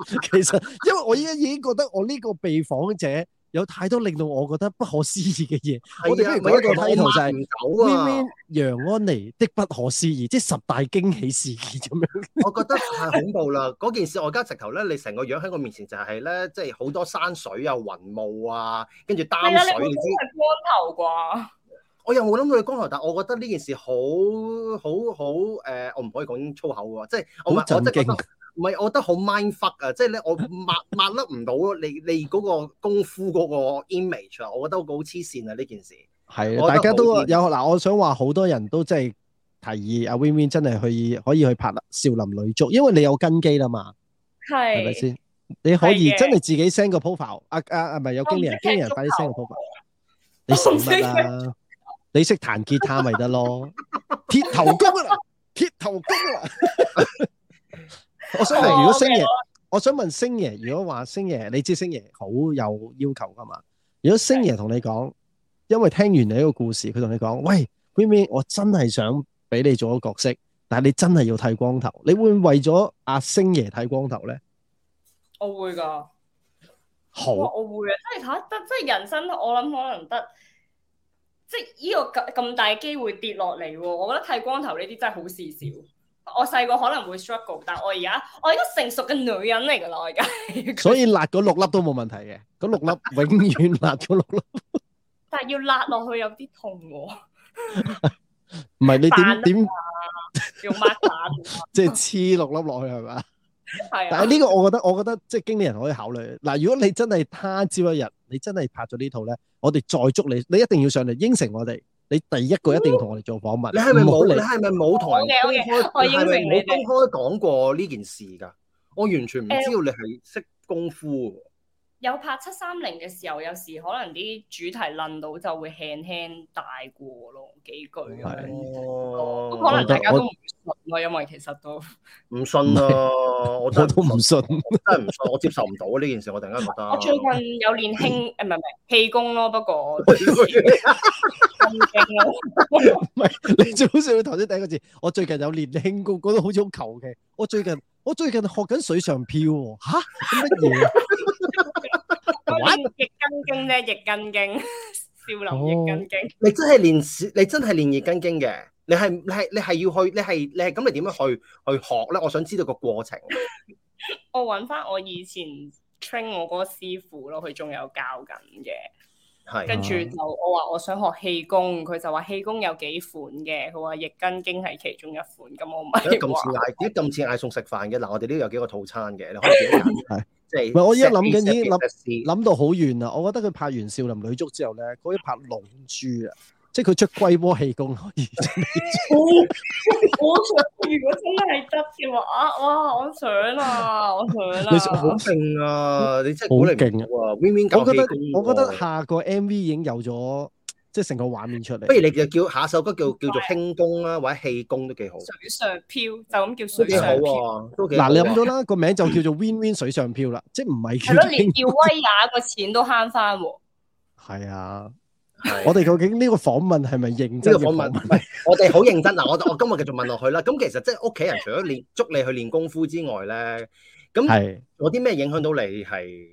[SPEAKER 2] 其實，因為我依家已經覺得我呢個被訪者有太多令到我覺得不可思議嘅嘢。的我哋譬如講一個梯圖就係 WinWin 楊安妮的不可思議，即係十大驚喜事件咁樣。我
[SPEAKER 1] 覺得太恐怖啦！嗰 件事我而家直頭咧，你成個樣喺我面前就係咧，即係好多山水啊、雲霧啊，跟住擔水你知。係啊，你估係光頭啩？我又冇諗過你光頭，但我覺得呢件事好好好誒，我唔可以講粗口嘅，即係好震驚。唔係，我覺得好 mindfuck 啊！即係咧，我抹抹甩唔到你，你嗰個功夫嗰個 image 啊！的我覺得好黐線啊！呢件事係，大家都
[SPEAKER 2] 有嗱，我想話好多人都即係提議阿 Win Win 真係去可以去拍少林女足，因為你有根基啦嘛，
[SPEAKER 4] 係咪先？
[SPEAKER 2] 你可以真係自己 send 個 proposal。阿阿，唔係有經理人，經理人快啲 send 個 proposal。
[SPEAKER 4] 你識乜啊？
[SPEAKER 2] 你識彈吉他咪得咯？ 鐵頭功啊！鐵頭功啊！
[SPEAKER 4] 我想問，如果星爺，哦、okay,
[SPEAKER 2] okay, okay. 我想問星爺，如果話星爺，你知星爺好有要求噶嘛？如果星爺同你講，因為聽完你一個故事，佢同你講，喂 WinWin 我真係想俾你做個角色，但係你真係要剃光頭，你會唔會為咗阿星爺剃光頭咧好？
[SPEAKER 3] 我會噶，
[SPEAKER 2] 好，
[SPEAKER 3] 我會啊，即係吓得，即係人生，我諗可能得，即係、這、呢個咁咁大機會跌落嚟，我覺得剃光頭呢啲真係好事少。
[SPEAKER 2] 我細個可能會 struggle，但係我而家我係一個成熟嘅女人嚟噶啦，我而家所以焫嗰六粒都冇問題嘅，嗰六粒永遠焫咗
[SPEAKER 3] 六粒，但係要焫落去有啲痛喎。
[SPEAKER 2] 唔係你點點用抹淡？即係黐六粒落去係嘛？係啊。
[SPEAKER 3] 但係
[SPEAKER 2] 呢個我覺得，我覺得即係經理人可以考慮。嗱，如果你真係他朝一日，你真係拍咗呢套咧，我哋再捉你，你一定要上嚟應承我哋。你第一個一定同我哋做訪問，你係咪冇
[SPEAKER 1] 你係咪冇同公開，係咪冇公開講過呢件事㗎？我，我完全唔知道你係識功夫。
[SPEAKER 3] 有拍七三零嘅時候，有時可能啲主題論到就會輕輕大過咯，幾句咁可能大家都唔信咯，因為其實都
[SPEAKER 1] 唔信啊！我都唔信，信真係唔信， 信，我接受唔到呢件事，我突然間覺得。我最
[SPEAKER 3] 近有練輕誒，唔係唔係氣功咯，不過。唔
[SPEAKER 1] 係，你最好笑！
[SPEAKER 2] 頭先第一個字，我最近有練輕功，覺得好似好求其。我最近，我最近，我最近學緊水上
[SPEAKER 1] 漂，吓乜嘢？
[SPEAKER 3] 玩《易筋 What? 經咧，易筋經，少林易筋經
[SPEAKER 1] ，oh, 你。你真係練，你真係練易筋經嘅。你係你係你係要去，你係你係咁，你點樣去去學咧？我想知道個過程。
[SPEAKER 3] 我揾翻我以前 train 我嗰個師傅咯，佢仲有教緊嘅。
[SPEAKER 1] 跟住就
[SPEAKER 3] 我話我想學氣功，佢就話氣功有幾款嘅，佢話易筋經係其中一款，咁我唔係。啲咁似嗌，
[SPEAKER 1] 啲咁似嗌餸食飯嘅，嗱我哋呢度有幾個套餐嘅，你可以點
[SPEAKER 2] 揀？即係，唔我依家諗緊啲諗諗到好遠啦，我覺得佢拍完少林女足之後咧，可以拍龍珠啊！即係佢出龜波氣功，可我
[SPEAKER 4] 我想，如果真係得嘅話啊，哇！我想啊，
[SPEAKER 2] 我想啊，好勁
[SPEAKER 1] 啊！你真係好勁啊！Win Win，我覺得我覺得下個
[SPEAKER 2] M V 已經有咗，即係成個畫面出嚟。不如你
[SPEAKER 1] 就叫下首歌叫叫做輕功啦，或者氣功都幾好。水上漂就咁叫水上漂啊，都幾好。嗱，你諗到啦，
[SPEAKER 2] 個名就叫做 Win Win 水上漂啦，即係唔係？如果你叫
[SPEAKER 3] 威雅個錢都慳翻。
[SPEAKER 1] 係啊。
[SPEAKER 2] 對我哋究竟呢個訪問係咪認真？呢個訪問，
[SPEAKER 1] 我哋好認真。嗱，我我今日繼續問落去啦。咁 其實即係屋企人除咗練捉你去練功夫之外咧，咁是有啲咩影響到你係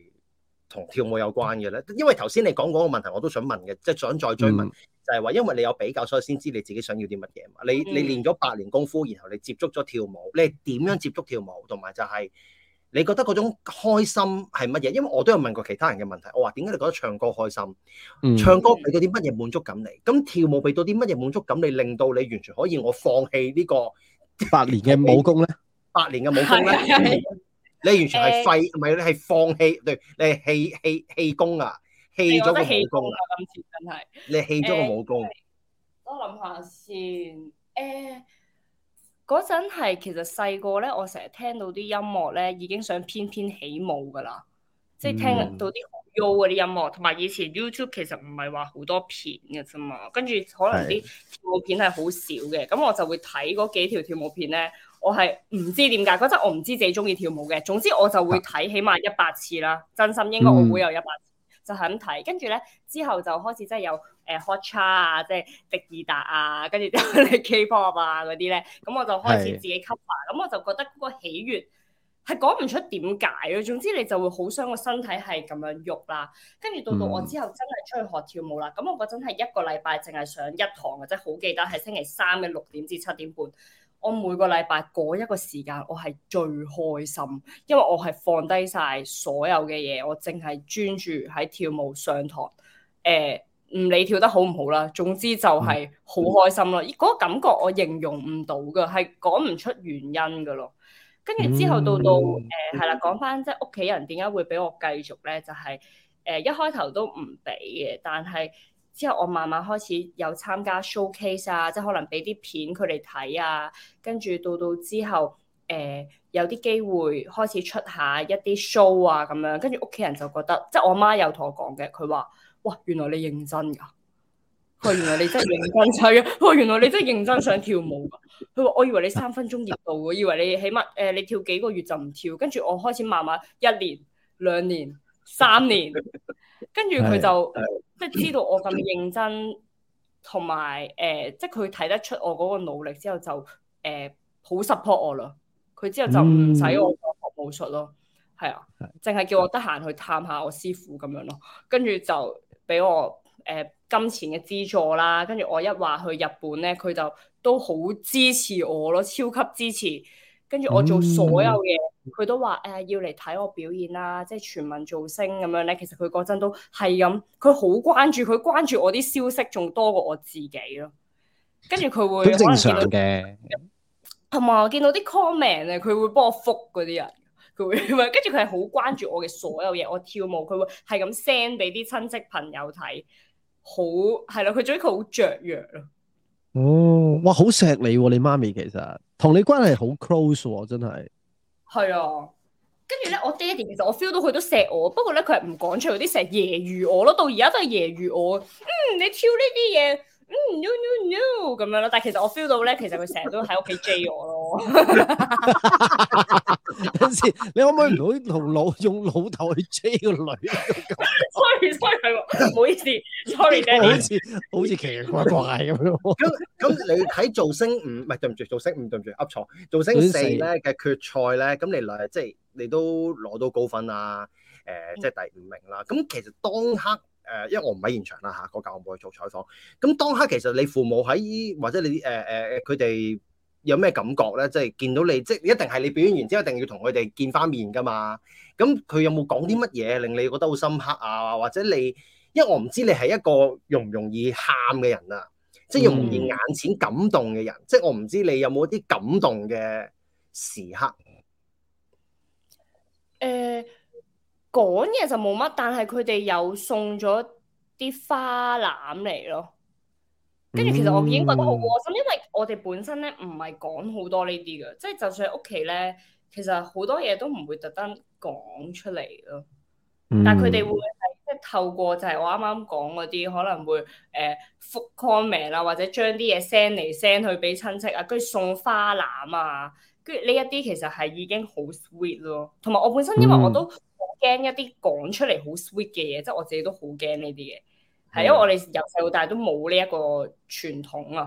[SPEAKER 1] 同跳舞有關嘅咧？因為頭先你講嗰個問題，我都想問嘅，即係想再追問，嗯、就係話因為你有比較，所以先知你自己想要啲乜嘢嘛。你你練咗八年功夫，然後你接觸咗跳舞，你係點樣接觸跳舞？同埋就係。你覺得嗰種開心係乜嘢？因為我都有問過其他人嘅問題，我話點解你覺得唱歌開心？唱歌俾到啲乜嘢滿足感你？咁跳舞俾到啲乜嘢滿足感你？令到你完全可以我放棄呢個百年嘅武功咧？百年嘅武功咧？你完全係廢，唔係你係放棄，對，你係棄棄棄功啊！棄咗個武功啊！今
[SPEAKER 3] 次真係你棄咗個武功。我諗下先，誒。嗰陣係其實細個咧，我成日聽到啲音樂咧，已經想翩翩起舞噶啦。
[SPEAKER 1] 即係聽
[SPEAKER 3] 到啲好 U 嗰啲音樂，同埋、嗯、以前 YouTube 其實唔係話好多片嘅啫嘛。跟住可能啲跳舞片係好少嘅，咁是我就會睇嗰幾條跳舞片咧。我係唔知點解嗰陣我唔知自己中意跳舞嘅。總之我就會睇，起碼一百次啦。啊、真心應該我會有一百次，嗯、就係咁睇。跟住咧，之後就開始真係有。誒、呃、hotcha 啊，即係迪爾達啊，跟住啲 K-pop 啊嗰啲咧，咁我就開始自己 cover，咁是我就覺得嗰個喜悅係講唔出點解咯。總之你就會好想個身體，係咁樣喐啦。跟住到到我之後真係出去學跳舞啦，咁、嗯、我嗰陣係一個禮拜淨係上一堂嘅，即、就、好、是、記得喺星期三嘅六點至七點半。我每個禮拜嗰一個時間，我係最開心，因為我係放低晒所有嘅嘢，我淨係專注喺跳舞上堂誒。呃唔理跳得好唔好啦，總之就係好開心咯！嗰、嗯、個感覺我形容唔到噶，係講唔出原因噶咯。跟住之後到到誒係啦，講返即係屋企人點解會俾我繼續咧？就係、是、誒、呃、一開頭都唔俾嘅，但係之後我慢慢開始有參加 showcase 啊，即係可能俾啲片佢哋睇啊。跟住到到之後誒、呃、有啲機會開始出一下一啲 show 啊咁樣，跟住屋企人就覺得，即係我媽有同我講嘅，佢話。哇！原來你認真噶，佢話 哇！原來你真係認真睇啊，哇！原來你真係認真想跳舞噶。佢話：我以為你三分鐘熱度，我以為你起碼誒、呃、你跳幾個月就唔跳，跟住我開始慢慢一年、兩年、三年，跟住佢就 即係知道我咁認真，同埋誒即係佢睇得出我嗰個努力之後就誒好 support 我啦。佢之後就唔使我學武術咯，係 啊，淨係叫我得閒去探下我師傅咁樣咯，跟住就。俾我誒、呃、金錢嘅資助啦，跟住我一話去日本咧，佢就都好支持我咯，超級支持。跟住我做所有嘢，佢、嗯、都話誒、呃、要嚟睇我表演啦、啊，即係全民造星咁樣咧。其實佢嗰陣都係咁，佢好關注，佢關注我啲消息仲多過我自己咯。跟住佢會好正常嘅，同埋我見到啲 comment 咧，佢會幫我覆嗰啲人。跟住佢係好關注我嘅所有嘢，我跳舞佢會係咁 send 俾啲親戚朋友睇，好係咯，佢總之佢好雀躍咯。哦，
[SPEAKER 2] 哇，好錫你、啊，你媽咪其實同你關係好 close 喎，真係。
[SPEAKER 3] 係啊，跟住咧，我爹地其實我 feel 到佢都錫我，不過咧佢係唔講出，啲成日揶揄我咯，到而家都係揶揄我。嗯，你跳呢啲嘢。嗯，no no no 咁樣咯，但係其實我 feel 到咧，其實佢成日都喺屋企追我
[SPEAKER 2] 咯。 有陣時，你可唔可以唔好同老用老豆去追個女？sorry sorry，唔
[SPEAKER 3] 好意思
[SPEAKER 1] ，sorry daddy，好似好似奇怪怪
[SPEAKER 3] 咁樣
[SPEAKER 1] 咁咁你喺造星五，唔係對唔住造星五，對唔住噏錯造星四咧嘅決賽咧，咁你嚟即係你都攞到高分啦，誒、呃，即、就、係、是、第五名啦。咁其實當刻。誒，因為我唔喺現場啦嚇，嗰間我冇去做採訪。咁當刻其實你父母喺，或者你誒、誒佢哋有咩感覺咧？即係見到你，即係一定係你表演完之後，一定要同佢哋見翻面噶嘛。咁佢有冇講啲乜嘢令你覺得好深刻啊？或者你，因為我唔知你係一個容唔容易喊嘅人啊，嗯。即係容易眼淺感動嘅人。即係我唔知你有冇一啲感動嘅時刻。
[SPEAKER 3] 誒。講嘢就冇乜，但係佢哋又送咗啲花籃嚟咯。
[SPEAKER 4] 跟住，其實我已經覺得好窩
[SPEAKER 3] 心，嗯、因為我哋本身咧唔係講好多呢啲嘅，即、就、係、是、就算喺屋企咧，其實好多嘢都唔會特登講出嚟咯。嗯、但係佢哋會係即係透過就係我啱啱講嗰啲，可能會誒複 comment 啦，或者將啲嘢 send 嚟 send 去俾親戚啊，跟住送花籃啊，跟住呢一啲其實係已經好 sweet 咯。同埋我本身因為我都。嗯驚一啲講出嚟好 sweet 嘅嘢，即係我自己都好驚呢啲嘢，係、嗯、因為我哋由細到大都冇呢一個傳統啊，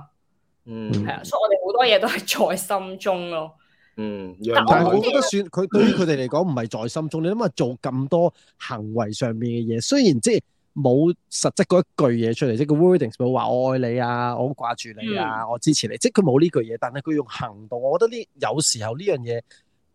[SPEAKER 3] 係啊、嗯，
[SPEAKER 2] 所
[SPEAKER 3] 以我哋好多嘢都係在心中咯。
[SPEAKER 2] 嗯，但係我覺得算佢、嗯、對於佢哋嚟講唔係在心中，你諗下做咁多行為上面嘅嘢，雖然即係冇實質嗰一句嘢出嚟，即係個 wordings 冇話我愛你啊，我好掛住你啊，我支持你，嗯、即係佢冇呢句嘢，但係佢用行動，我覺得呢有時候呢樣嘢。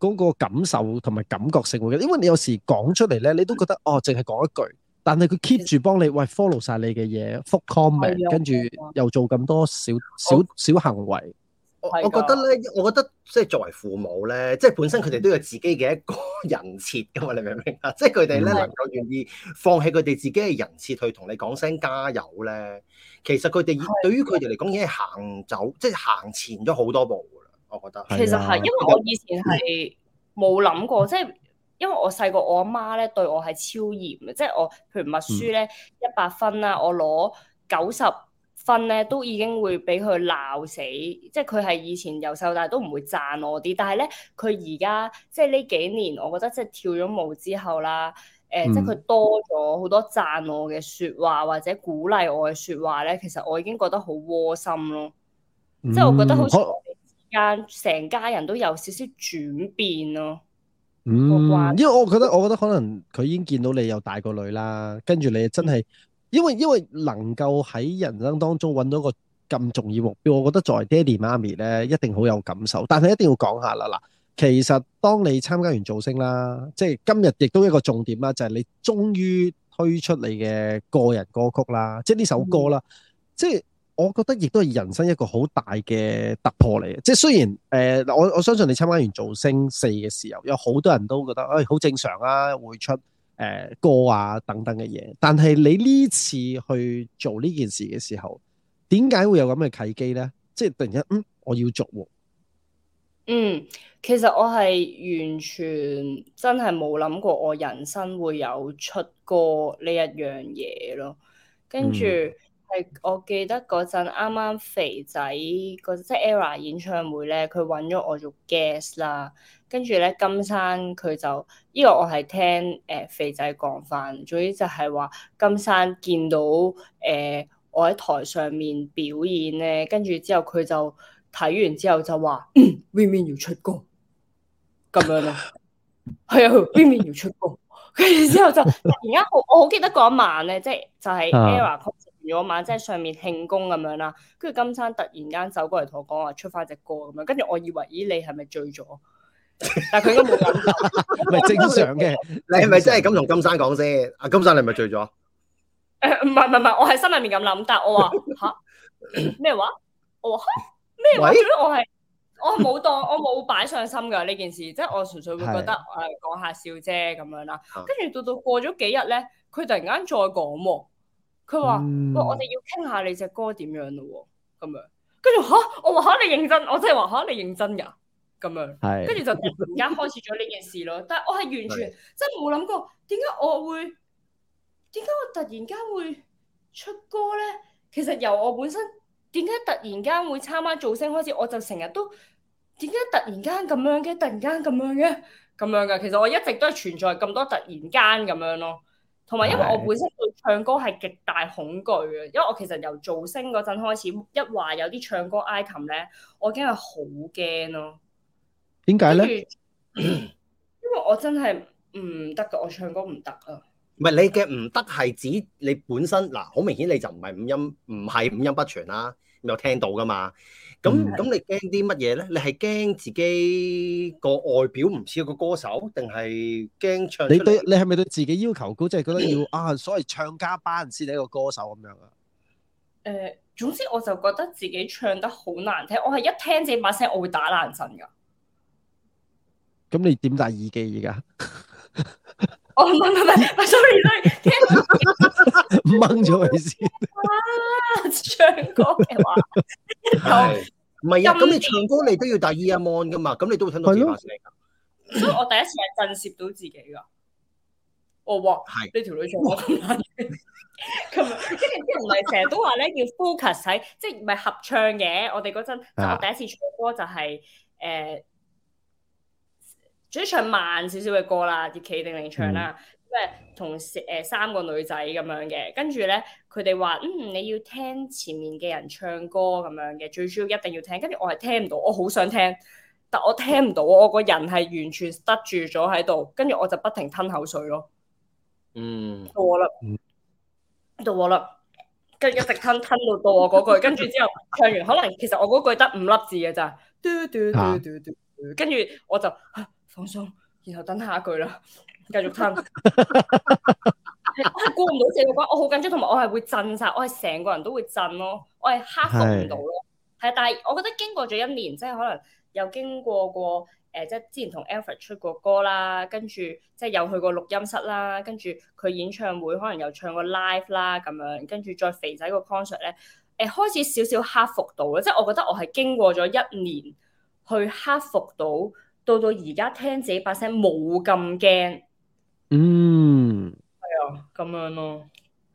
[SPEAKER 2] 嗰個感受同埋感覺性會嘅，因為你有時講出嚟咧，你都覺得哦，淨係講一句，但係佢 keep 住幫你，喂 follow 晒你嘅嘢，復 comment，跟住又做咁多小小我小行為。
[SPEAKER 1] 我我覺得咧，我覺得，我覺得即係作為父母咧，即係本身佢哋都有自己嘅一個人設噶嘛，你明唔明啊？即係佢哋咧能夠願意放棄佢哋自己嘅人設去同你講聲加油咧，其實佢哋已對於佢哋嚟講已經係行走即係行前咗好多步。我覺得其實係，因為我以
[SPEAKER 3] 前係冇諗過，即係、嗯、因為我細個我阿媽咧對我係超嚴嘅，即、就、係、是、我譬如默書咧一百分啦，我攞九十分咧都已經會俾佢鬧死，即係佢係以前由細到大都唔會讚我啲，但係咧佢而家即係呢、就是、幾年，我覺得即係跳咗舞之後啦，誒、呃，嗯、即係佢多咗好多讚我嘅説話或者鼓勵我嘅説話咧，其實我已經覺得好窩心咯，即係、嗯、
[SPEAKER 4] 我覺得好似、啊。
[SPEAKER 3] 間成家人都有少少轉變
[SPEAKER 4] 咯，嗯，
[SPEAKER 2] 因為我覺得，我覺得可能佢已經見到你有大個女啦，跟住你真係，因為因為能夠喺人生當中揾到個咁重要目標，我覺得作為爹哋媽咪呢，一定好有感受。但係一定要講下啦，嗱，其實當你參加完造星啦，即係今日亦都一個重點啦，就係你終於推出你嘅個人歌曲啦，即係呢首歌啦，即係。我覺得亦都係人生一個好大嘅突破嚟嘅，即係雖然誒、呃，我我相信你參加完造星四嘅時候，有好多人都覺得誒好、欸、正常啊，會出誒、呃、歌啊等等嘅嘢。但係你呢次去做呢件事嘅時候，點解會有咁嘅契機呢？即係突然間，嗯，我要
[SPEAKER 4] 做。嗯，
[SPEAKER 3] 其實我係完全真係冇諗過我人生會有出歌呢一樣嘢咯，跟住。嗯係我記得嗰陣啱啱肥仔、那個、即係 era 演唱會咧，佢揾咗我做 guest 啦。跟住咧，金山佢就呢、這個我係聽誒、呃、肥仔講翻，總之就係話金山見到誒、呃、我喺台上面表演咧，跟住之後佢就睇完之後就話 win win 要出歌咁樣咯。係 啊，win win 要出歌。跟住之後就而家我我好記得嗰一晚咧，即係就係 era c 咗晚即係上面慶功咁樣啦，跟住金生突然間走過嚟同我講話出翻隻歌咁樣，跟住我以為，咦你係咪醉咗？但係佢應該
[SPEAKER 1] 冇飲，係正常嘅。你係咪真係咁同金生講先？阿金生你係咪醉咗？
[SPEAKER 3] 誒唔係唔係，我係心裏面咁諗，但係我話吓咩話？我話吓咩話？咁樣我係我係冇當我冇擺上心噶呢件事，即係我純粹會覺得誒講下笑啫咁樣啦。跟住到到過咗幾日咧，佢突然間再講喎。佢話、嗯啊，我我哋要傾下你隻歌點樣咯咁樣。跟住吓，我話吓你認真，我真係話吓你認真噶，咁樣。係是。跟住就突然間開始咗呢件事咯。但係我係完全是真係冇諗過，點解我會？點解我突然間會出歌咧？其實由我本身，點解突然間會參加造星開始，我就成日都點解突然間咁樣嘅，突然間咁樣嘅，咁樣噶。其實我一直都係存在咁多突然間咁樣咯。同埋，因為我本身對唱歌係極大恐懼嘅，因為我其實由造星嗰陣開始，一話有啲唱歌 item 咧，我已經係好驚咯。點解咧？因為我真係唔得㗎，我唱歌唔得啊！
[SPEAKER 1] 唔係，你嘅唔得係指你本身嗱，好明顯你就唔係五音，唔係五音不全啦，啊。有聽到噶嘛？咁咁你驚啲乜嘢咧？你係驚自己個外表唔似個歌手，定係驚唱？你對
[SPEAKER 2] 你係咪對自己要求高，即係覺得要啊所謂唱家班先係一個歌手
[SPEAKER 3] 咁樣啊？誒，總之我就覺得自己唱得好難聽，我係一聽自己把聲，我會打爛身噶。
[SPEAKER 2] 咁你點戴耳機而家？
[SPEAKER 3] 哦，唔唔唔，sorry sorry，掹咗佢先。哇，唱歌嘅話，係
[SPEAKER 1] 唔係啊？咁你唱歌第二 你都要戴 earphone 噶嘛？咁你都會聽到自嚟聲。所以
[SPEAKER 3] 的 我第一次係震懾到自己噶，哦，話係呢條女唱歌咁，跟住啲人唔係成日都話咧要 focus 喺，即係唔係合唱嘅。我哋嗰陣我第一次唱歌就係、是、誒。呃唱一唱慢少少嘅歌啦，跌企定定唱啦，即係同誒三個女仔咁樣嘅，跟住咧佢哋話：嗯，你要聽前面嘅人唱歌咁樣嘅，最主要一定要聽。跟住我係聽唔到，我好想聽，但我聽唔到，我個人係完全 stop 住咗喺度，跟住我就不停吞口水咯。
[SPEAKER 4] 嗯，
[SPEAKER 3] 到我啦，嗯、到我啦，跟住一直吞 吞到到我嗰句，跟住之後唱完，可能其實我嗰句得五粒字嘅咋，嘟嘟嘟嘟嘟，跟住我就。嘟 放鬆，然後等下一句啦，繼續聽。 我係估唔到這個關，我好緊張，同埋我係會震曬，我係成個人都會震咯，我係克服唔到咯。啊是。但係我覺得經過咗一年，即係可能又經過過誒、呃，即係之前同 Alfred 出過歌啦，跟住即係又去過錄音室啦，跟住佢演唱會可能又唱過 live 啦咁樣，跟住再肥仔個 concert 咧，誒、呃、開始少少克服到啦，即係我覺得我係經過咗一年去克服到。到到而家聽自己把聲冇咁驚，
[SPEAKER 4] 嗯，係啊，咁樣咯，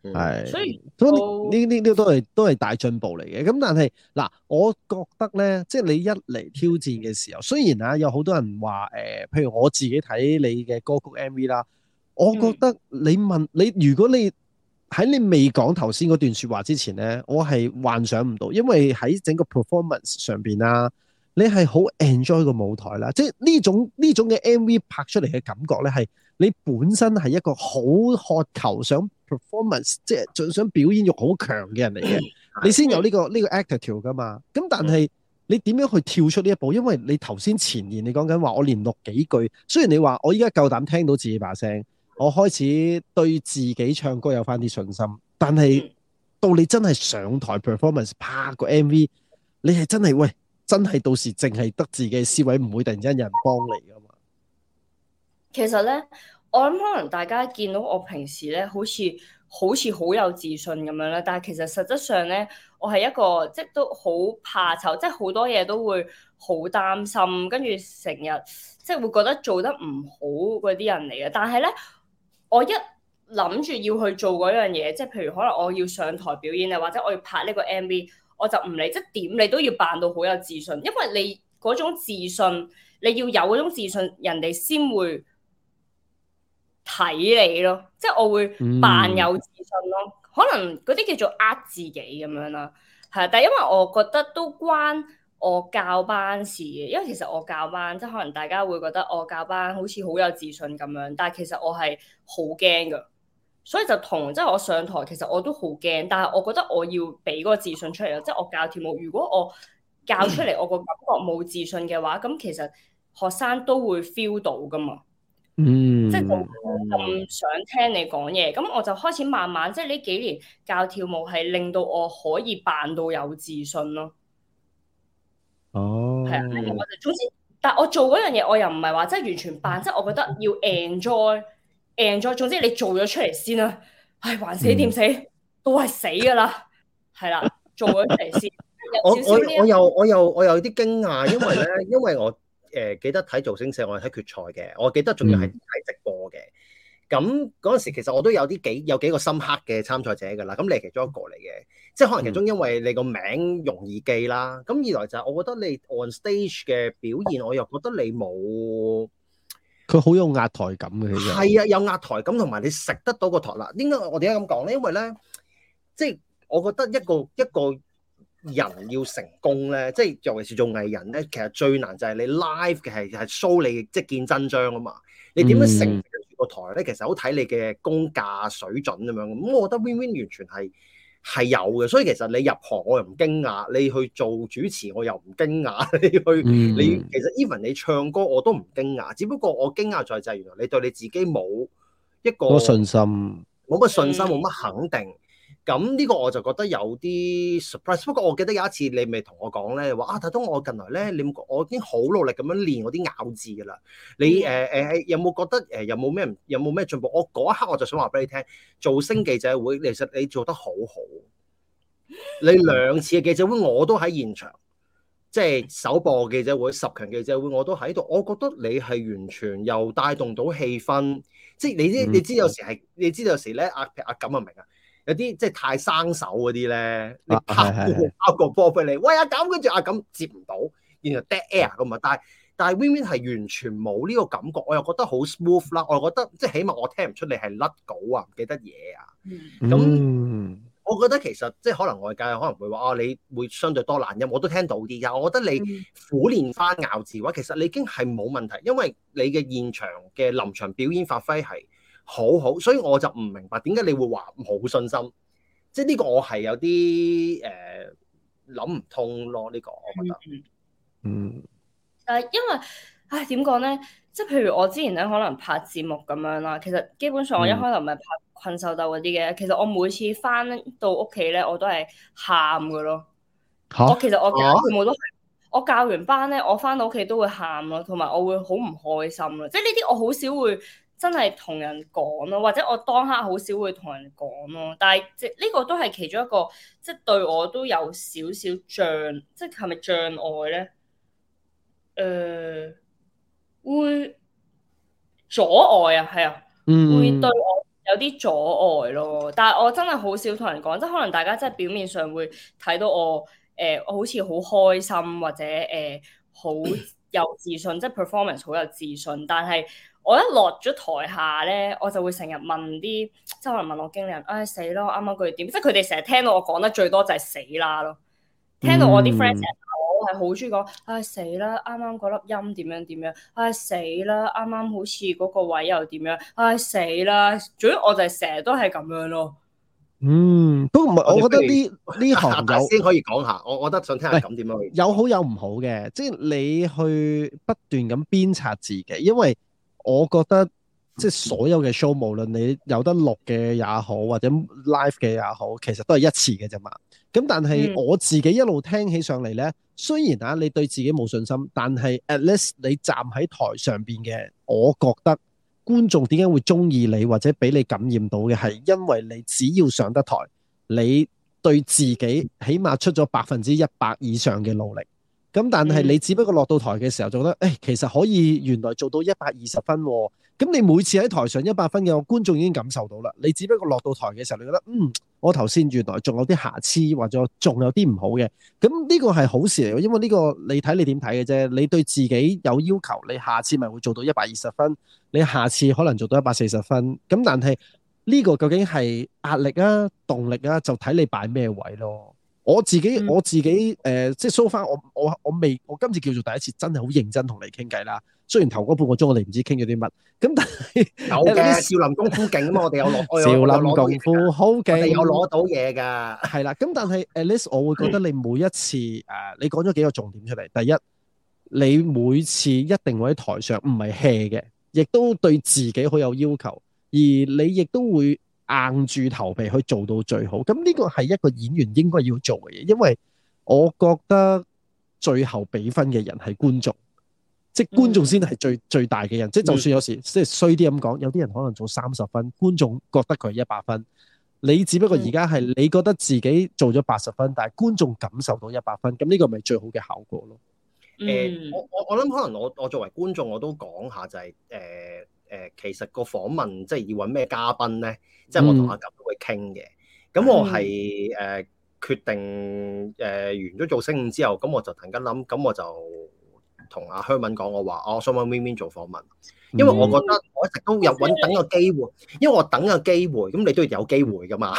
[SPEAKER 4] 係、嗯，
[SPEAKER 3] 所
[SPEAKER 2] 以都呢呢呢都係都係大進步嚟嘅。咁但係嗱，我覺得咧，即、就、係、是、你一嚟挑戰嘅時候，雖然啊，有好多人話誒、呃，譬如我自己睇你嘅歌曲 M V 啦，我覺得你問、嗯、你，如果你喺你未講頭先嗰段說話之前咧，我係幻想唔到，因為喺整個 performance 上面啦、啊。你係好 enjoy 個舞台啦，即係呢種呢種嘅 MV 拍出嚟嘅感覺咧，係你本身係一個好渴求想 performance，即係想表演欲好強嘅人嚟嘅，你先有呢個呢個 attitude 噶嘛。咁但係你點樣去跳出呢一步？因為你頭先前言你講緊話，我連錄幾句，雖然你話我依家夠膽聽到自己把聲，我開始對自己唱歌有翻啲信心，但係到你真係上台 performance，拍個 MV，你係真係喂。真係到時淨係得自己嘅思維，唔會突然間有人幫你㗎嘛。
[SPEAKER 3] 其實咧，我諗可能大家見到我平時咧，好似好似好有自信咁樣啦，但係其實實質上咧，我係一個即係都好怕醜，即係好多嘢都會好擔心，跟住成日即係會覺得做得唔好嗰啲人嚟嘅。但係咧，我一諗住要去做嗰樣嘢，即係譬如可能我要上台表演啊，或者我要拍呢個 MV。我就唔理，即係點你都要扮到好有自信，因為你嗰種自信，你要有嗰種自信，人哋先會睇你咯。即係我會扮有自信咯，可能嗰啲叫做呃自己咁樣啦，係啊。但係因為我覺得都關我教班事嘅，因為其實我教班，即係可能大家會覺得我教班好似好有自信咁樣，但係其實我係好驚㗎。所以就同即係我上台，其實我都好驚，但係我覺得我要俾嗰個自信出嚟咯。即係我教跳舞，如果我教出嚟，我個感覺冇自信嘅話，咁其實學生都會 feel 到噶嘛。嗯，
[SPEAKER 4] 即係
[SPEAKER 3] 就咁想聽你講嘢。咁我就開始慢慢，即係呢幾年教跳舞，係令到我可以扮到有自信咯。
[SPEAKER 4] 哦，係啊，我就
[SPEAKER 3] 總之，但係我做嗰樣嘢，我又唔係話即係完全扮，即係我覺得要 enjoy。贏咗，總之你做咗出嚟先啦，唉，還死掂死，都係死噶啦，係啦，做咗出嚟先。我我我又
[SPEAKER 1] 我又我又有啲驚訝，因為咧，因為我誒記得睇造星社，我係睇決賽嘅，我記得仲要係睇直播嘅。咁嗰陣時其實我都有啲幾有幾個深刻嘅參賽者噶啦，咁你係其中一個嚟嘅，即係可能其中因為你個名容易記啦，咁二來就係我覺得你 on stage 嘅表現，我又覺得你冇。佢好有壓台感嘅，其實係啊，有壓台感同埋你食得到個台啦。應該我點解咁講咧？因為咧，即係我覺得一個一個人要成功咧，即係尤其是做藝人咧，其實最難就係你 live 嘅係係 show 你即係見真章啊嘛。你點樣食個台咧？其實好睇你嘅工價水準咁樣。咁我覺得 Win Win 完全係。係有嘅，所以其實你入行我又唔驚訝，你去做主持我又唔驚訝，你去你、嗯、其實 even 你唱歌我都唔驚訝，只不過我驚訝在就係原來你對你自己冇一個我信
[SPEAKER 2] 心，
[SPEAKER 1] 冇乜信心，冇乜肯定。咁呢個我就覺得有啲 surprise，不過我記得有一次你咪同我講咧，話啊，大東我近來咧，你我已經好努力咁樣練我啲咬字噶啦。你誒誒、呃欸、有冇覺得誒、呃、有冇咩有冇咩進步？我嗰一刻我就想話俾你聽，造星記者會，其實你做得好好。你兩次嘅記者會我都喺現場，嗯、即係首播記者會、十強記者會我都喺度。我覺得你係完全又帶動到氣氛，即係你知你知有時係，你知道有時咧阿壓感啊，明啊？有啲即係太生手嗰啲咧，啊、你拍是個波畀你，喂啊咁跟、啊、住啊咁接唔到，然後 dead air 咁啊！但係但係 WinWin 係完全冇呢個感覺，我又覺得好 smooth 啦，我又覺得即係起碼我聽唔出你係甩稿啊，唔記得嘢啊。咁我覺得其實即係可能外界可能會話啊，你會相對多難音，我都聽到啲㗎。我覺得你苦練翻咬字嘅話，其實你已經係冇問題，因為你嘅現場嘅臨場表演發揮係。好好，所以我就唔明白點解你會話冇信心，即係呢個我係有啲誒諗唔通咯，呢個我覺得嗯。
[SPEAKER 3] 嗯，但、uh，因為唉點講咧，即係譬如我之前咧可能拍節目咁樣啦，其實基本上我一開頭唔係拍困獸鬥嗰啲嘅，嗯、其實我每次翻到屋企咧，我都係喊㗎咯。啊、
[SPEAKER 4] 我其實我全
[SPEAKER 3] 都、啊、我教完班咧，我翻到屋企都會喊咯，同埋我會好唔開心咯，即係呢啲我好少會真係同人講咯，或者我當刻好少會同人講咯，但係即呢個都係其中一個，即係對我都有少少障，即係咪障礙咧？誒、呃，會阻礙啊，係啊、嗯，會對我有啲阻礙咯。但係我真係好少同人講，即係可能大家即係表面上會睇到我誒、呃，好似好開心或者誒呃、好有自信， 即係 performance 好有自信，但係。我一落咗台下咧，我就會成日問啲即係可能問我經理人，唉死咯！啱啱佢哋點？即係佢哋成日聽到我講得最多就係死啦咯。聽到我啲 friend 成日鬧我，我係好中意講，唉死啦！啱啱嗰粒音點樣點樣？唉死啦！啱啱好似嗰個位又點樣？唉死啦！總之我就係成日都係咁樣咯。嗯，
[SPEAKER 4] 都唔係，我
[SPEAKER 3] 覺得啲
[SPEAKER 2] 呢行先可以講下。我覺得想
[SPEAKER 3] 聽下咁點樣？
[SPEAKER 2] 有好有唔好嘅，即係你去不斷咁鞭策自己，因為。我覺得即係所有嘅 show，無論你有得錄嘅也好，或者 live 嘅也好，其實都係一次嘅啫嘛。咁但係我自己一路聽起上嚟呢，雖然啊你對自己冇信心，但係 at least 你站喺台上邊嘅，我覺得觀眾點解會中意你或者俾你感染到嘅係因為你只要上得台，你對自己起碼出咗百分之一百以上嘅努力。咁但係你只不過落到台嘅時候就覺得，誒、哎，其實可以原來做到一百二十分，啊，咁你每次喺台上一百分嘅，觀眾已經感受到啦。你只不過落到台嘅時候，你覺得，嗯，我頭先原來仲有啲瑕疵或者仲有啲唔好嘅，咁呢個係好事嚟，因為呢個你睇你點睇嘅啫。你對自己有要求，你下次咪會做到一百二十分，你下次可能做到一百四十分。咁但係呢，這個究竟係壓力啊、動力啊，就睇你擺咩位咯。我自己我自己誒，即係 so far 我我我未，我今次叫做第一次真係好認真同你傾偈啦。雖然頭嗰半個鐘我哋唔知傾咗啲乜，咁但
[SPEAKER 1] 係有嘅。少林功夫勁啊嘛，我哋有攞，我有攞到嘢。少林功
[SPEAKER 2] 夫好勁，我哋有攞
[SPEAKER 1] 到嘢㗎。
[SPEAKER 2] 係啦，咁但係 Alex，我會覺得你每一次誒，你講咗幾個重點出嚟。第一，你每次一定會喺台上，唔係 hea 嘅，亦都對自己好有要求，而你亦都會，硬住頭皮去做到最好，咁呢個係一個演員應該要做嘅嘢，因為我覺得最後畀分嘅人係觀眾，即係觀眾先係最、嗯、最大嘅人，即就算有時即係衰啲咁講，有啲人可能做三十分，觀眾覺得佢一百分，你只不過而家係你覺得自己做咗八十分，但係觀眾感受到一百分，咁呢個咪最好嘅效果咯、嗯
[SPEAKER 1] 呃。我我諗可能我我作為觀眾我都講下就係、是呃誒，其實個訪問即係要揾咩嘉賓咧，即係、嗯、我同阿錦都會傾嘅。咁我係誒、嗯呃、決定誒、呃、完咗造星5之後，咁我就突然間諗，咁我就同阿香敏講，我話我想揾 WinWin 做訪問，嗯、因為我覺得我一直都有揾等個機會，因為我等個機會，咁你都要有機會噶嘛。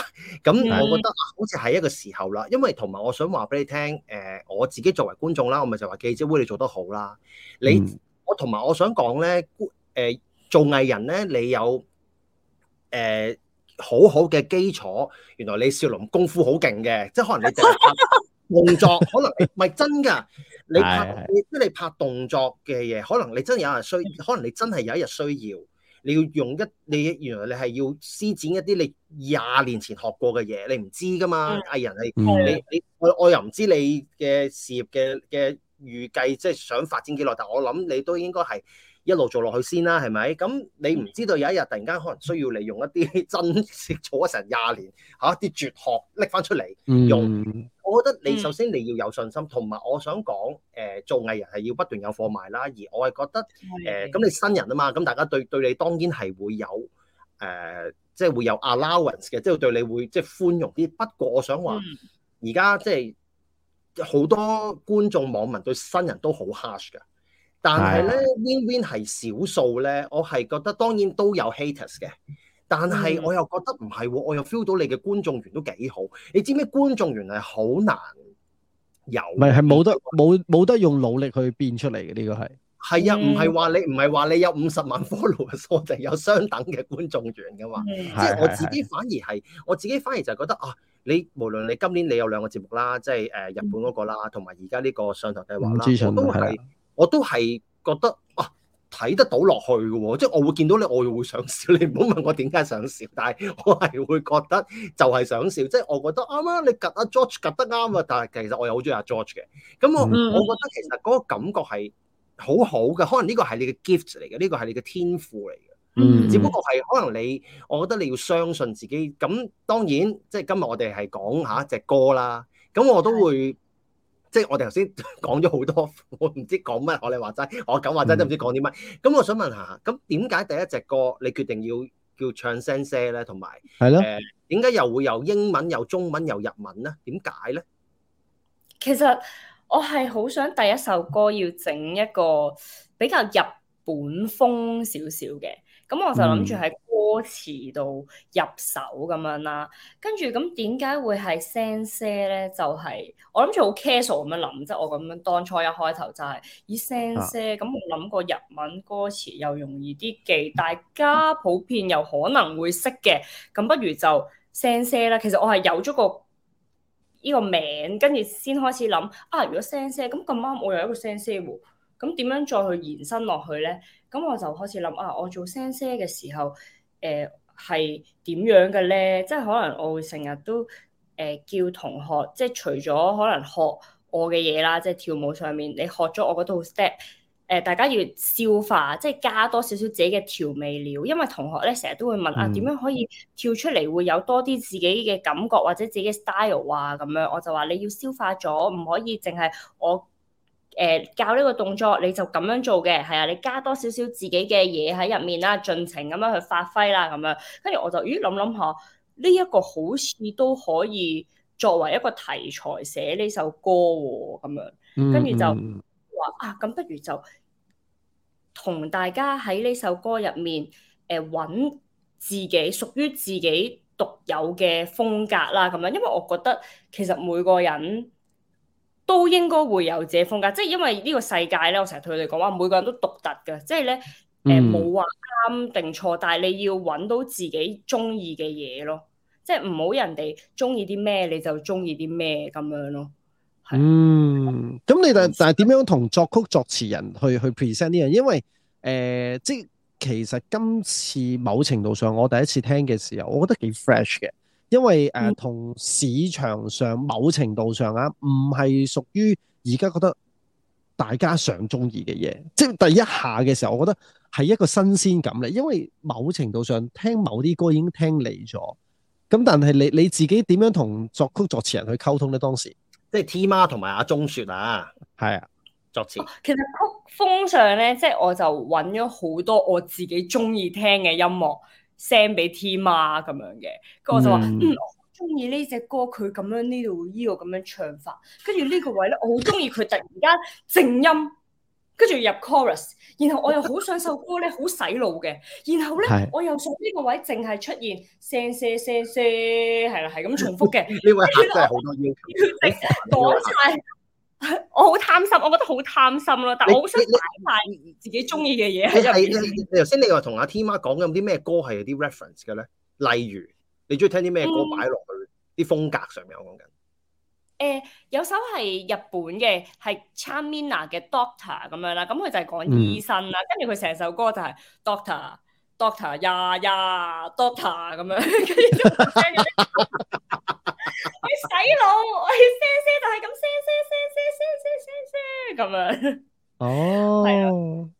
[SPEAKER 1] 咁我覺得好似係一個時候啦，因為同埋我想話俾你聽，誒、呃、我自己作為觀眾啦，我咪就話記者會你做得好啦。你我同埋我想講咧，誒、呃。呃做藝人咧，你有誒、呃、好好嘅基礎。原來李少龍功夫好勁嘅，即係可能你淨係拍動作， 可能唔係真㗎。你拍即係 你拍動作嘅嘢，可能你真係有人需，可能你真係有一日需要，你要用一你原來你係要施展一啲你廿年前學過嘅嘢，你唔知㗎嘛？ 藝人係你你我我又唔知你嘅事業嘅嘅預計，即係想發展幾耐。但我諗你都應該係。一路做落去先啦，啊，係咪？咁你唔知道有一日突然間可能需要你用一啲真識做咗成廿年嚇啲，啊、絕學拎翻出嚟
[SPEAKER 4] 用。嗯、
[SPEAKER 1] 我覺得你首先你要有信心，同埋我想講誒、呃、做藝人係要不斷有貨賣啦。而我係覺得誒咁、呃、你新人啊嘛，咁大家對對你當然係會有誒即係會有 allowance 嘅，即、就、係、是、對你會即係、就是、寬容啲。不過我想話而家即係好多觀眾網民對新人都好 harsh 嘅。但係咧是是，win win 係少數咧。我係覺得當然都有 haters 嘅，但係我又覺得唔係、啊，我又 feel 到你嘅觀眾緣都幾好。你知唔知觀眾緣係好難有？唔係，係冇得冇
[SPEAKER 2] 冇得用努力去變出嚟嘅，呢個係
[SPEAKER 1] 係啊，唔係話你唔係話你有五十萬 follower 就有相等嘅觀眾緣嘅嘛？即係是我自己反而係我自己反而就覺得啊，你無論你今年你有兩個節目啦，即係誒、呃、日本嗰個啦，同埋而家呢個上台計劃啦，知都係。我都係覺得哇，睇、啊、得到落去嘅喎、哦，即係我會見到你，我又會想笑。你唔好問我點解想笑，但係我係會覺得就係想笑。即係我覺得啱啱你夾阿 George 夾得啱啊，啊但係其實我又好中意阿、啊、George 嘅。咁我、mm. 我覺得其實嗰個感覺係好好嘅，可能呢個係你嘅 gift 嚟嘅，呢個係你嘅天賦嚟嘅。Mm. 只不過係可能你，我覺得你要相信自己。咁當然，即係今日我哋係講下隻歌啦。咁我都會。即係我哋頭先講咗好多，我唔知講乜，我哋話齋，我咁話齋都唔知講啲乜。咁我想問下，咁點解第一隻歌你決定要叫唱聲些咧？同埋係咯，誒點解又會有英文、又中文、又日文咧？點解咧？
[SPEAKER 3] 其實我係好想第一首歌要整一個比較日本風少少嘅。咁、嗯、我就諗住喺歌詞度入手咁樣啦，跟住咁點解會係 sense 咧？就係、是、我諗住好 casual 咁樣諗，即、就、係、是、我咁樣當初一開頭就係、是、以 sense 咁我諗個日文歌詞又容易啲記，大家普遍又可能會識嘅，咁不如就 sense 啦。其實我係有咗個呢個名，跟住先開始諗啊。如果 sense 咁咁啱，我有一個 sense 咁點樣再去延伸落去咧？咁我就開始諗啊，我做 sir 嘅時候，誒係點樣嘅咧？即係可能我會成日都誒、呃、叫同學，即係除咗可能學我嘅嘢啦，即係跳舞上面，你學咗我嗰套 step，誒大家要消化，即係加多少少自己嘅調味料。因為同學咧成日都會問、嗯、啊，點樣可以跳出嚟會有多啲自己嘅感覺或者自己嘅 style 啊咁樣，我就話你要消化咗，唔可以淨係我。誒教呢個動作，你就咁樣做嘅，係啊，你加多少少自己嘅嘢喺入面啦，盡情咁樣去發揮啦，咁樣。跟住我就咦諗諗下，呢一個、這個好似都可以作為一個題材寫呢首歌喎、啊，咁樣。跟住就話、嗯嗯、啊，咁不如就同大家喺呢首歌入面誒搵、呃、自己屬於自己獨有嘅風格啦，咁樣。因為我覺得其實每個人。都應該會有自己風格，即係因為呢個世界咧，我成日同佢哋講話，每個人都獨特嘅，即係咧，誒冇話啱定錯，但係你要搵到自己中意嘅嘢咯，即係唔好人哋中意啲咩你就中意啲咩咁樣咯。
[SPEAKER 2] 嗯，咁、嗯、你但但係點樣同作曲作詞人去去 present 呢？因為誒、呃、即係其實今次某程度上我第一次聽嘅時候，我覺得幾 fresh 嘅。因為誒，同、呃、市場上某程度上啊，唔係屬於而家覺得大家想中意嘅嘢，即係第一下嘅時候，我覺得係一個新鮮感咧。因為某程度上聽某啲歌已經聽嚟咗，咁但係你你自己點樣同作曲作
[SPEAKER 1] 詞人去溝通咧？當時即係 T 媽同埋阿鍾雪啊，係啊，作詞。
[SPEAKER 3] 其實曲風上咧，即係我就揾咗好多我自己中意聽嘅音樂，send 俾 T 媽咁樣嘅，跟、嗯、我就話，嗯，我好中意呢隻歌，佢咁樣呢度呢個咁樣唱法，跟住呢個位咧，我好中意佢突然間靜音，跟住入 chorus，然後我又好想首歌咧好洗腦嘅，然後咧是我又想呢個位淨係出現聲聲聲聲，係啦，係咁重複嘅。呢位客真係好多要求，講晒。 我好貪心，我覺得好貪心咯，但我好想擺埋自己中意嘅嘢喺入邊。
[SPEAKER 1] 頭先你話同阿 Tima 講緊啲咩歌係有啲 reference 嘅咧？例如你中意聽啲咩歌，擺落去啲、嗯、風格上面，我
[SPEAKER 3] 講緊。誒，有首係日本嘅，係 Charmina 嘅 Doctor 咁樣啦，咁佢就係講醫生啦，跟住佢成首歌就係 Doctor Doctor yeah, yeah, Doctor 呀呀 Doctor 咁樣。 你 洗腦，我係寫寫，就係咁寫寫寫寫寫寫寫咁樣。
[SPEAKER 2] 哦，係啊，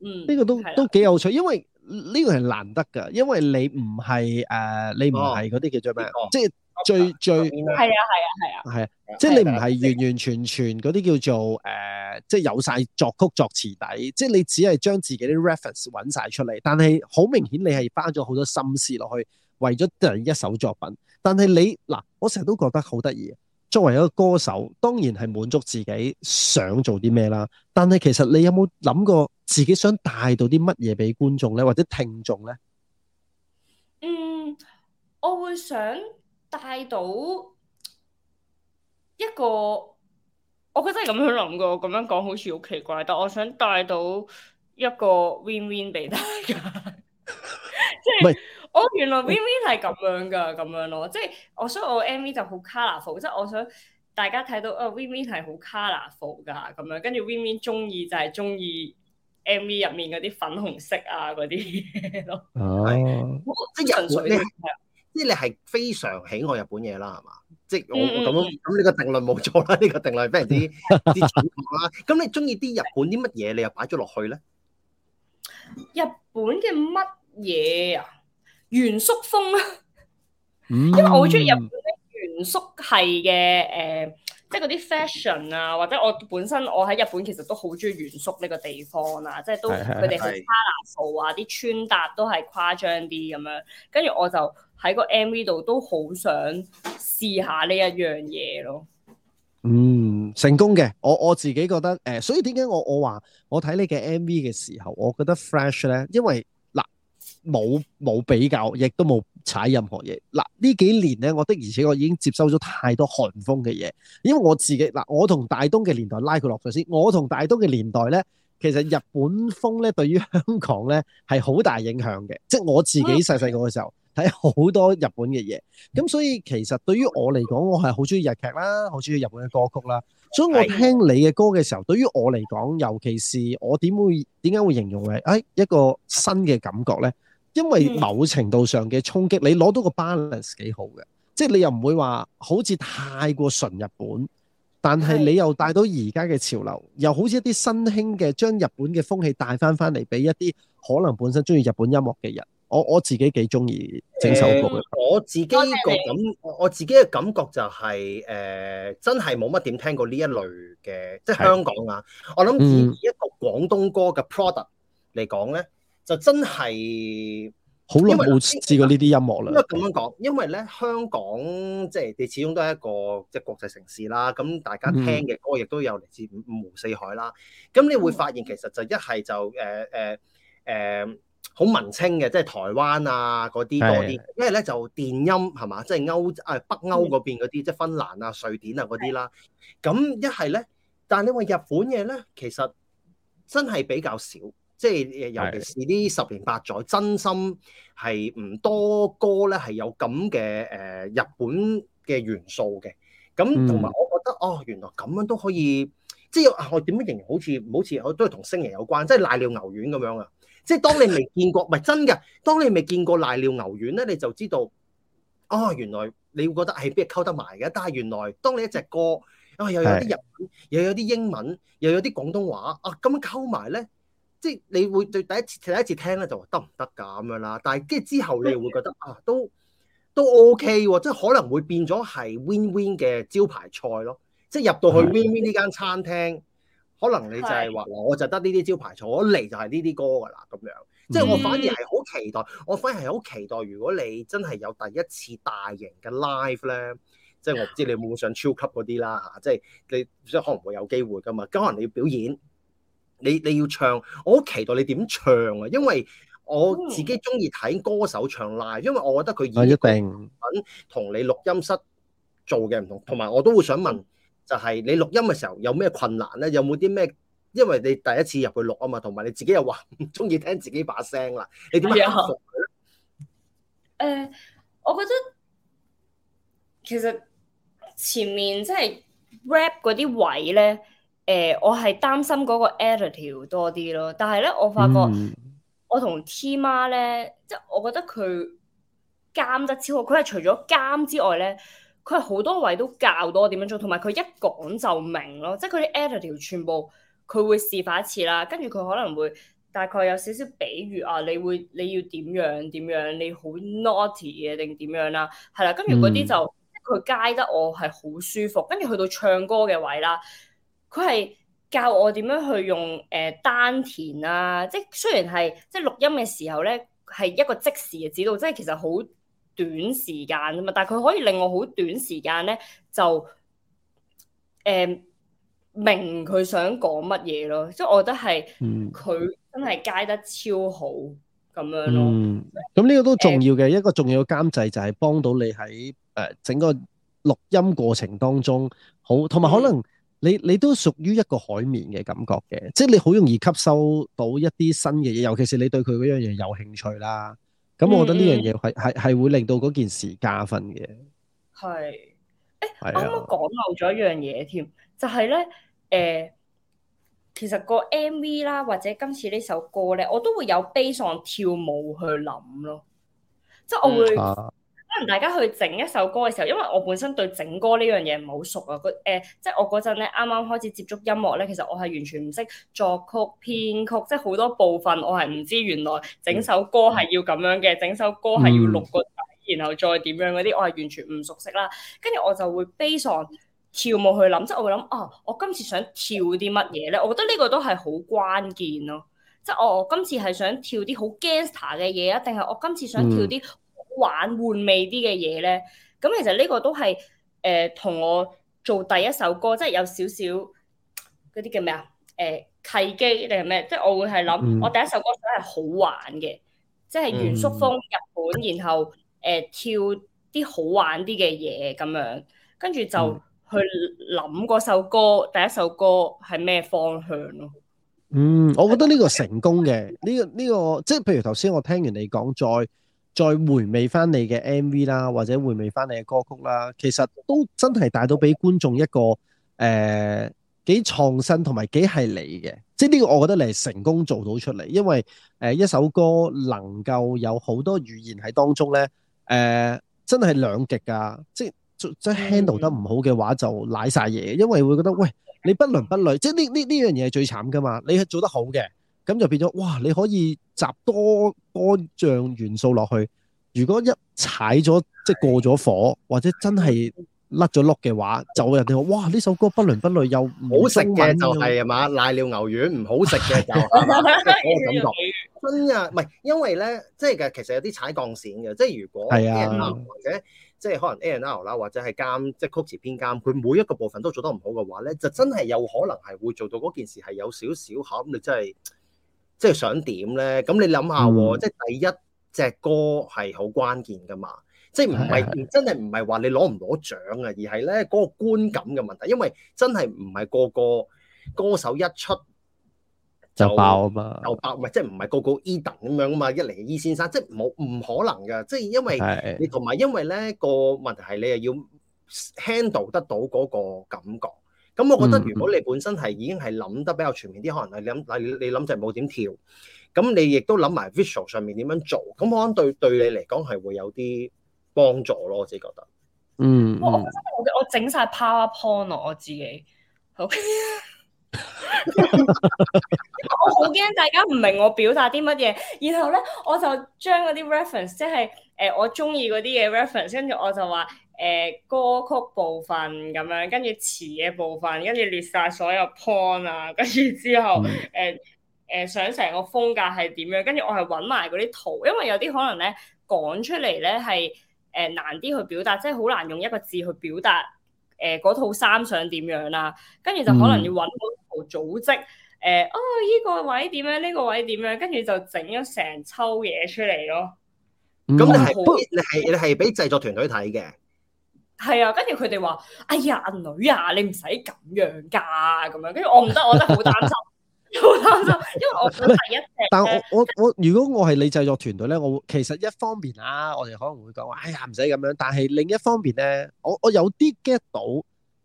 [SPEAKER 2] 嗯，呢個都都幾有趣，因為呢、呢個係難得噶，因為你唔係誒，你唔係嗰啲叫做咩，即係最最係啊係啊係
[SPEAKER 4] 啊係啊，即係你唔
[SPEAKER 2] 係完完全全嗰啲叫做誒，即係有晒作曲作詞底，即係你只係將自己啲 reference 揾晒出嚟，但係好明顯你係花咗好多心思落去，為咗第一首作品。但係你嗱，我成日都覺得好得意。作為一個歌手，當然係滿足自己想做啲咩啦。但係其實你有冇諗過自己想帶到啲乜嘢俾觀眾咧，或者聽眾咧？
[SPEAKER 3] 嗯，我會想帶到一個，我覺得係咁樣諗噶。我咁樣講好似好奇怪，但我想帶到一個 Win Win 俾大家，即 係、就是。哦，原來 Win Win 係咁樣噶，咁樣咯，即係我想我 M V 就好 colourful，即係我想大家睇到啊 Win Win 係好 colourful 噶咁樣，跟住 Win Win 中意就係中意 M V 入面嗰啲粉紅色啊嗰啲咯。哦，即係純粹
[SPEAKER 4] 即係
[SPEAKER 1] 你係非常喜愛日本嘢啦，係嘛？即係我我咁咁，你個定論冇錯啦，呢 個定論非常之之準確啦。咁 你中意啲日本啲乜嘢，你又擺咗落去咧？
[SPEAKER 3] 日本嘅乜嘢啊？原宿風啊，因為我好中意日本啲原宿系嘅，誒、呃，即係嗰啲 fashion 啊，或者我本身我喺日本其實都好中意原宿呢個地方啊，即係都佢哋啲 colour 啊，啲是是 穿搭都係誇張啲咁樣，跟住我就喺個 M V 度都好想試下呢一樣嘢咯。嗯，
[SPEAKER 2] 成功嘅，我我自己覺得誒、呃，所以點解我我話我睇你嘅 M V 嘅時候，我覺得 fresh 咧，因為。冇冇比較，亦都冇踩任何嘢。嗱呢幾年咧，我的而且我已經接收咗太多韓風嘅嘢。因為我自己嗱，我同大東嘅年代拉佢落水先。我同大東嘅年代咧，其實日本風咧對於香港咧係好大影響嘅。即係我自己細細個嘅時候睇好多日本嘅嘢。咁所以其實對於我嚟講，我係好中意日劇啦，好中意日本嘅歌曲啦。所以我聽你嘅歌嘅時候，對於我嚟講，尤其是我點會點解會形容你誒一個新嘅感覺咧？因為某程度上嘅衝擊，你攞到個 balance 幾好嘅，即係你又唔會話好似太過純日本，但係你又帶到而家嘅潮流，又好似一啲新興嘅將日本嘅風氣帶翻翻嚟，俾一啲可能本身中意日本音樂嘅人。我我自己幾中意整首歌嘅。我自己、嗯、
[SPEAKER 1] 我自己個感，我自己嘅感覺就係、是、誒、呃，真係冇乜點聽過呢一類嘅，即係香港啊。嗯、我諗以一個廣東歌嘅 product 嚟講呢。就真係好耐冇試過
[SPEAKER 2] 呢啲音樂啦。因為
[SPEAKER 1] 咁樣講，因為咧香港即係你始終都係一個即係國際城市啦。咁大家聽嘅歌亦都有嚟自五湖四海啦。咁、嗯、你會發現其實就一係就誒誒誒好文青嘅，即係台灣啊嗰啲多啲。一係咧就電音係嘛，即係歐誒北歐嗰邊嗰啲，即係芬蘭啊、瑞典啊嗰啲啦。咁一係咧，但係你話日本嘢咧，其實真係比較少。即係尤其是呢十年八載，真心係唔多歌咧係有咁嘅誒日本嘅元素嘅。咁同埋我覺得哦，原來咁樣都可以，即係、啊、我點樣形容好似好似我都係同星爺有關，即係瀨尿牛丸咁樣啊！即係當你未見過，唔係 真嘅。當你未見過瀨尿牛丸咧，你就知道哦，原來你會覺得係邊個溝得埋嘅。但係原來當你一隻歌啊又有啲日文，又有啲是英文，又有啲廣東話啊咁樣溝埋咧。即係你會對第一次第一次聽咧就話得唔得㗎咁樣啦，但係跟住之後你會覺得啊都都 OK 喎，即係可能會變咗係 win win 嘅招牌菜咯。即係入到去 win win 呢間餐廳，可能你就係話的我就得呢啲招牌菜，我嚟就係呢啲歌㗎啦咁樣。即係我反而係好期待，我反而係好期待，如果你真係有第一次大型嘅 live 咧，即係我唔知你有冇上超級嗰啲啦嚇，即係你即係可能會有機會㗎嘛，可能你要表演。你你要唱，我好期待你點唱啊！因為我自己中意睇歌手唱 live，因為我覺得佢演品同你錄音室做嘅唔同，同埋我都會想問，就係你錄音嘅時候有咩困難咧？有冇啲咩？因為你第一次入去錄啊嘛，同埋你自己又話唔中意聽自己把聲啦，你點樣？誒，yeah.
[SPEAKER 3] uh, 我覺得其實前面即係 rap 嗰啲位咧。誒、呃，我係擔心嗰個 edit 多啲咯，但係咧我發覺我同 T 媽咧，嗯、即係我覺得佢監得超好，佢係除咗監之外咧，佢係好多位都教到我點樣做，同埋佢一講就明咯，即係佢啲 edit 全部佢會示範一次啦，跟住佢可能會大概有少少比喻啊，你會你要點樣點樣，你好 naughty 嘅定點樣啦，係啦，跟住嗰啲就佢教、嗯、得我係好舒服，跟住去到唱歌嘅位啦。佢係教我點樣去用誒丹田啊，即係雖然係即係錄音嘅時候咧，係一個即時嘅指導，即係其實好短時間啊嘛。但係佢可以令我好短時間咧就誒明佢想講乜嘢咯。即係我覺得係佢真係教得超好咁樣咯。
[SPEAKER 2] 咁呢個都重要嘅一個重要嘅監製就係幫到你喺誒整個錄音過程當中好，同埋可能。你你都屬於一個海綿嘅感覺嘅，即係你好容易吸收到一啲新嘅嘢，尤其是你對佢嗰樣嘢有興趣啦。咁我覺得呢樣嘢係係係會令到嗰件事加分嘅。
[SPEAKER 3] 係，誒，啱啱講漏咗一樣嘢添，就係、是、咧，誒、呃，其實個 MV 啦，或者今次呢首歌咧，我都會有悲傷跳舞去諗咯，即係我會、啊。大家去整一首歌嘅時候，因為我本身對整歌，呃就是，呢樣嘢唔係好熟啊，誒，即係我嗰陣咧，啱啱開始接觸音樂咧，其實我係完全唔識作曲編曲，即係好多部分我係唔知原來整首歌係要咁樣嘅，整首歌係要錄個底，然後再點樣嗰啲，我係完全唔熟悉啦。跟住我就會 base on 跳舞去諗，即、就、係、是，我會諗啊，哦，我今次想跳啲乜嘢咧？我覺得呢個都係好關鍵咯，即、就、係、是、哦，我今次係想跳啲好 gaster 嘅嘢啊，定係我今次想跳啲玩玩味啲嘅嘢咧，咁其實呢個都係誒同我做第一首歌，即係有少少嗰啲叫咩啊？誒、呃、契機定係咩？即係我會係諗、嗯、我第一首歌想係好玩嘅，即係原宿風日本，嗯、然後誒、呃、跳啲好玩啲嘅嘢咁樣，跟住就去諗嗰首歌、嗯、第一首歌係咩方向咯？嗯，
[SPEAKER 2] 我覺得呢個成功嘅呢、這個呢、這個這個，即係譬如頭先我聽完你講再再回味翻你嘅 MV 啦，或者回味翻你嘅歌曲啦，其實都真係帶到俾觀眾一個誒幾創新同埋幾係你嘅，即係呢個我覺得你係成功做到出嚟，因為誒、呃、一首歌能夠有好多語言喺當中咧，誒、呃、真係兩極㗎，即係即係 handle 得唔好嘅話就賴晒嘢，因為會覺得喂，你不倫不類，即係呢呢呢樣嘢係最慘㗎嘛，你係做得好嘅。咁就變咗，哇！你可以集多多樣元素落去。如果一踩咗，即係過咗火，或者真係甩咗碌嘅話，
[SPEAKER 1] 就人哋話：哇！呢首歌不倫不類，又唔好食嘅就係嘛，瀨尿牛丸唔好食嘅就嗰 個感覺。 真啊，唔係因為咧，即係其實有啲踩鋼線嘅。即係如果 A&R 或者即係可能 A&R 啦，R，或者係監即係曲詞編監，佢每一個部分都做得唔好嘅話咧，就真係有可能係會做到嗰件事係有少少嚇咁。你真係～即係想點咧？咁你諗下喎，嗯、即係第一隻歌係好關鍵㗎嘛。嗯、即係唔係真係唔係話你攞唔攞獎啊？嗯、而係咧嗰個觀感嘅問題，因為真係唔係個個歌手一出就，就爆啊嘛，就爆咪，即係唔係個個、e、Eden 咁樣啊嘛，一嚟 E 先生即係冇唔可能㗎，即係因為你同埋因為咧、嗰個問題係你又要 handle 得到嗰個感覺。咁我覺得，如果你本身係已經係諗得比較全面啲，可能係你諗，例如你諗就冇點跳，咁你亦都諗埋 visual 上面點樣做，咁我可能對對你嚟講係會有啲幫助咯。我自己覺得，嗯，
[SPEAKER 3] 嗯 我我整晒 PowerPoint 我自己，我好驚大家唔明我表達啲乜嘢，然後咧我就將嗰啲 reference，即係誒我中意嗰啲嘢 reference，跟住我就話。誒歌曲部分咁樣，跟住詞嘅部分，跟住列晒所有 point 啊，跟住之後誒誒、呃呃、想成個風格係點樣，跟住我係揾埋嗰啲圖，因為有啲可能咧講出嚟咧係誒難啲去表達，即係好難用一個字去表達誒嗰套衫想點樣啦。跟住就可能要揾嗰圖組織、呃、哦，依、這個位點樣，呢、這個位點樣，跟住就整咗成抽嘢出嚟咯。
[SPEAKER 1] 咁、嗯、你係你係你係俾製作團隊睇嘅？
[SPEAKER 3] 係啊，跟住佢哋話：哎呀女啊，你唔使咁樣噶咁樣。跟住我唔得，我覺得好擔心，好 擔心，因為我第一，
[SPEAKER 2] 但我我我如果我係你製作團隊咧，我會其實一方面啊，我哋可能會講話：哎呀唔使咁樣。但係另一方面咧，我我有啲 get 到，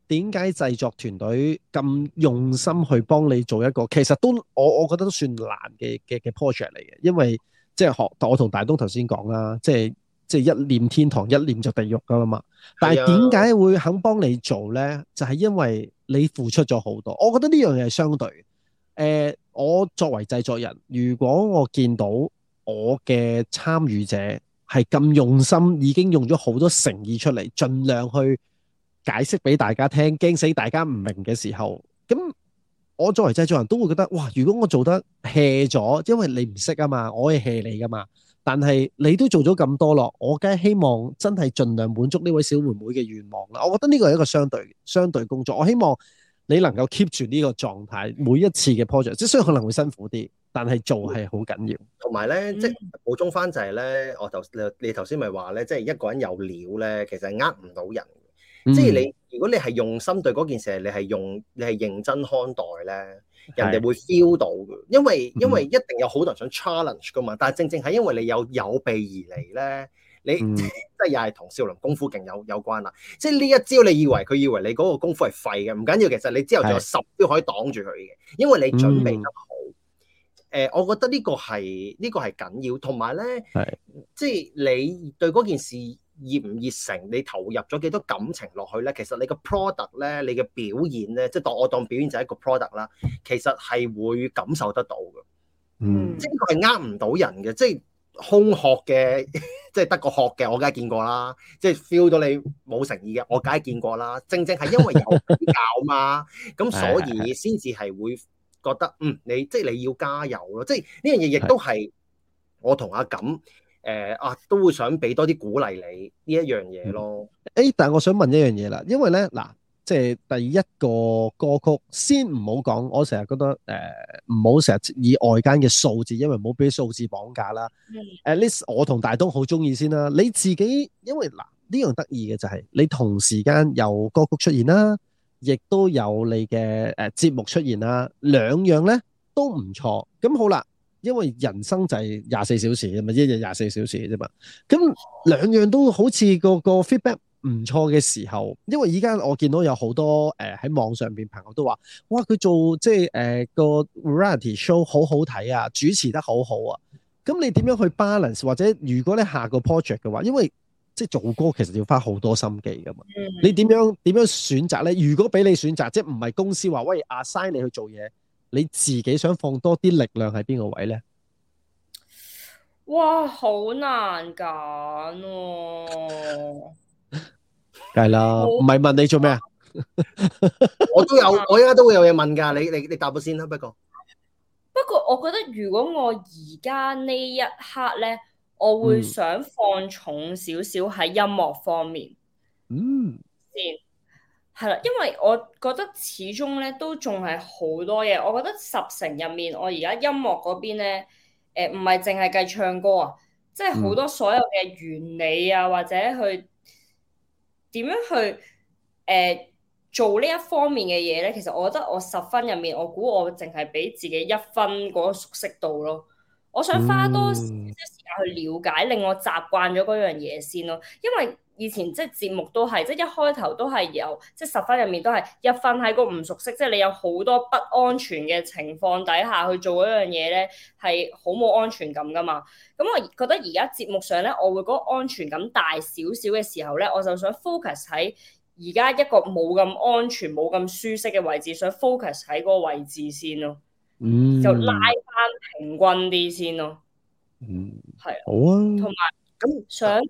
[SPEAKER 2] 點解製作團隊咁用心去幫你做一個，其實都我我覺得都算難嘅嘅嘅 project 嚟嘅，因為即係學我同大東頭先講啦，即係。即係一念天堂，一念就地獄噶啦嘛。但係點解會肯幫你做呢？就係因為你付出咗好多。我覺得呢樣嘢係相對嘅。誒，我作為製作人，如果我見到我嘅參與者係咁用心，已經用咗好多誠意出嚟，盡量去解釋俾大家聽，驚死大家唔明嘅時候，咁我作為製作人都會覺得，哇！如果我做得 hea 咗，因為你唔識啊嘛，我係 hea 你噶嘛。但係你都做咗咁多咯，我梗係希望真係盡量滿足呢位小妹妹嘅願望啦。我覺得呢個係一個相對相對工作，我希望你能夠 keep 住呢個狀態，每一次嘅 project，即係雖然可能會辛苦啲，但係做係好緊要。
[SPEAKER 1] 同埋咧，即係補充返就係咧，我頭你，你頭先咪話咧，即係一個人有料咧，其實係呃唔到人。即係你如果你係用心對嗰件事，你係用你係認真看待咧。人哋會 feel 到嘅，因為因為一定有好多人想 challenge 㗎嘛。嗯、但係正正係因為你有有備而嚟咧，你即係又係同少林功夫勁有有關啦。即係呢一招，你以為佢以為你嗰個功夫廢係廢嘅，唔緊要。其實你之後仲有十招可以擋住佢嘅，是的 因為你準備得好。誒、嗯呃，我覺得呢個係呢、呢個係緊要，同埋咧，是的 即係你對嗰件事。熱唔熱誠，你投入咗幾多感情落去咧？其實你個 product 咧，你嘅表現咧，即係當我當表演就係一個 product 啦。其實係會感受得到嘅，嗯，即係呢個係呃唔到人嘅，即係空殼嘅，即係得個殼嘅，我梗係見過啦。即係 feel 到你冇誠意嘅，我梗係見過啦。正正係因為有比較嘛，咁所以先至係會覺得嗯，你即係你要加油咯。即係呢樣嘢亦都係我同阿錦。誒啊、呃，都會想俾多啲鼓勵你呢一樣嘢咯。
[SPEAKER 2] 誒、嗯欸，但係我想問一樣嘢啦，因為咧嗱，即係第一個歌曲先唔好講，我成日覺得誒唔好成日以外間嘅數字，因為唔好俾數字綁架啦。At least、嗯、我同大東好中意先啦。你自己因為嗱呢樣得意嘅就係、是、你同時間有歌曲出現啦，亦都有你嘅誒節目出現啦，兩樣咧都唔錯。咁好啦。因為人生就係廿四小時，咪一日廿四小時嘅啫嘛。咁兩樣都好似個個 feedback 唔錯嘅時候，因為而家我見到有好多誒喺、呃、網上邊朋友都話，哇佢做即係誒、呃、個 variety show 好好睇啊，主持得好好啊。咁你點樣去 balance 或者如果你下個 project 嘅話，因為即係做歌其實要花好多心機噶嘛。你點樣點樣選擇咧？如果俾你選擇，即係唔係公司話喂 assign 你去做嘢。你自己想放多啲力量喺邊個位咧？
[SPEAKER 3] 哇，好難揀哦、啊！
[SPEAKER 2] 梗係啦 了，唔係 問你做咩啊？
[SPEAKER 1] 我都有，我而家都會有嘢問噶。你你你答我先啦。不過
[SPEAKER 3] 不過，我覺得如果我而家呢一刻咧，我會想放重少少喺音樂方面。
[SPEAKER 4] 嗯。
[SPEAKER 3] 先。係啦，因為我覺得始終咧都仲係好多嘢。我覺得十成入面，我而家音樂嗰邊咧，誒唔係淨係計唱歌啊，即係好多所有嘅原理啊，或者去點樣去誒、呃、做呢一方面嘅嘢咧。其實我覺得我十分入面，我估我淨係俾自己一分嗰個熟悉度咯。我想花多少少時間去了解，嗯、令我習慣咗嗰樣嘢先咯，因為，以前即係節目都係，即係一開頭都係有，即係十分入面都係一分喺個唔熟悉，即係你有好多不安全嘅情況底下去做一樣嘢咧，係好冇安全感㗎嘛。咁我覺得而家節目上咧，我會覺得安全感大少少嘅時候咧，我就想 focus 喺而家一個冇咁安全、冇咁舒適嘅位置，想 focus 喺嗰個位置先咯，嗯，
[SPEAKER 4] 就拉
[SPEAKER 3] 翻平均啲先咯，嗯，係的好啊，同埋咁想。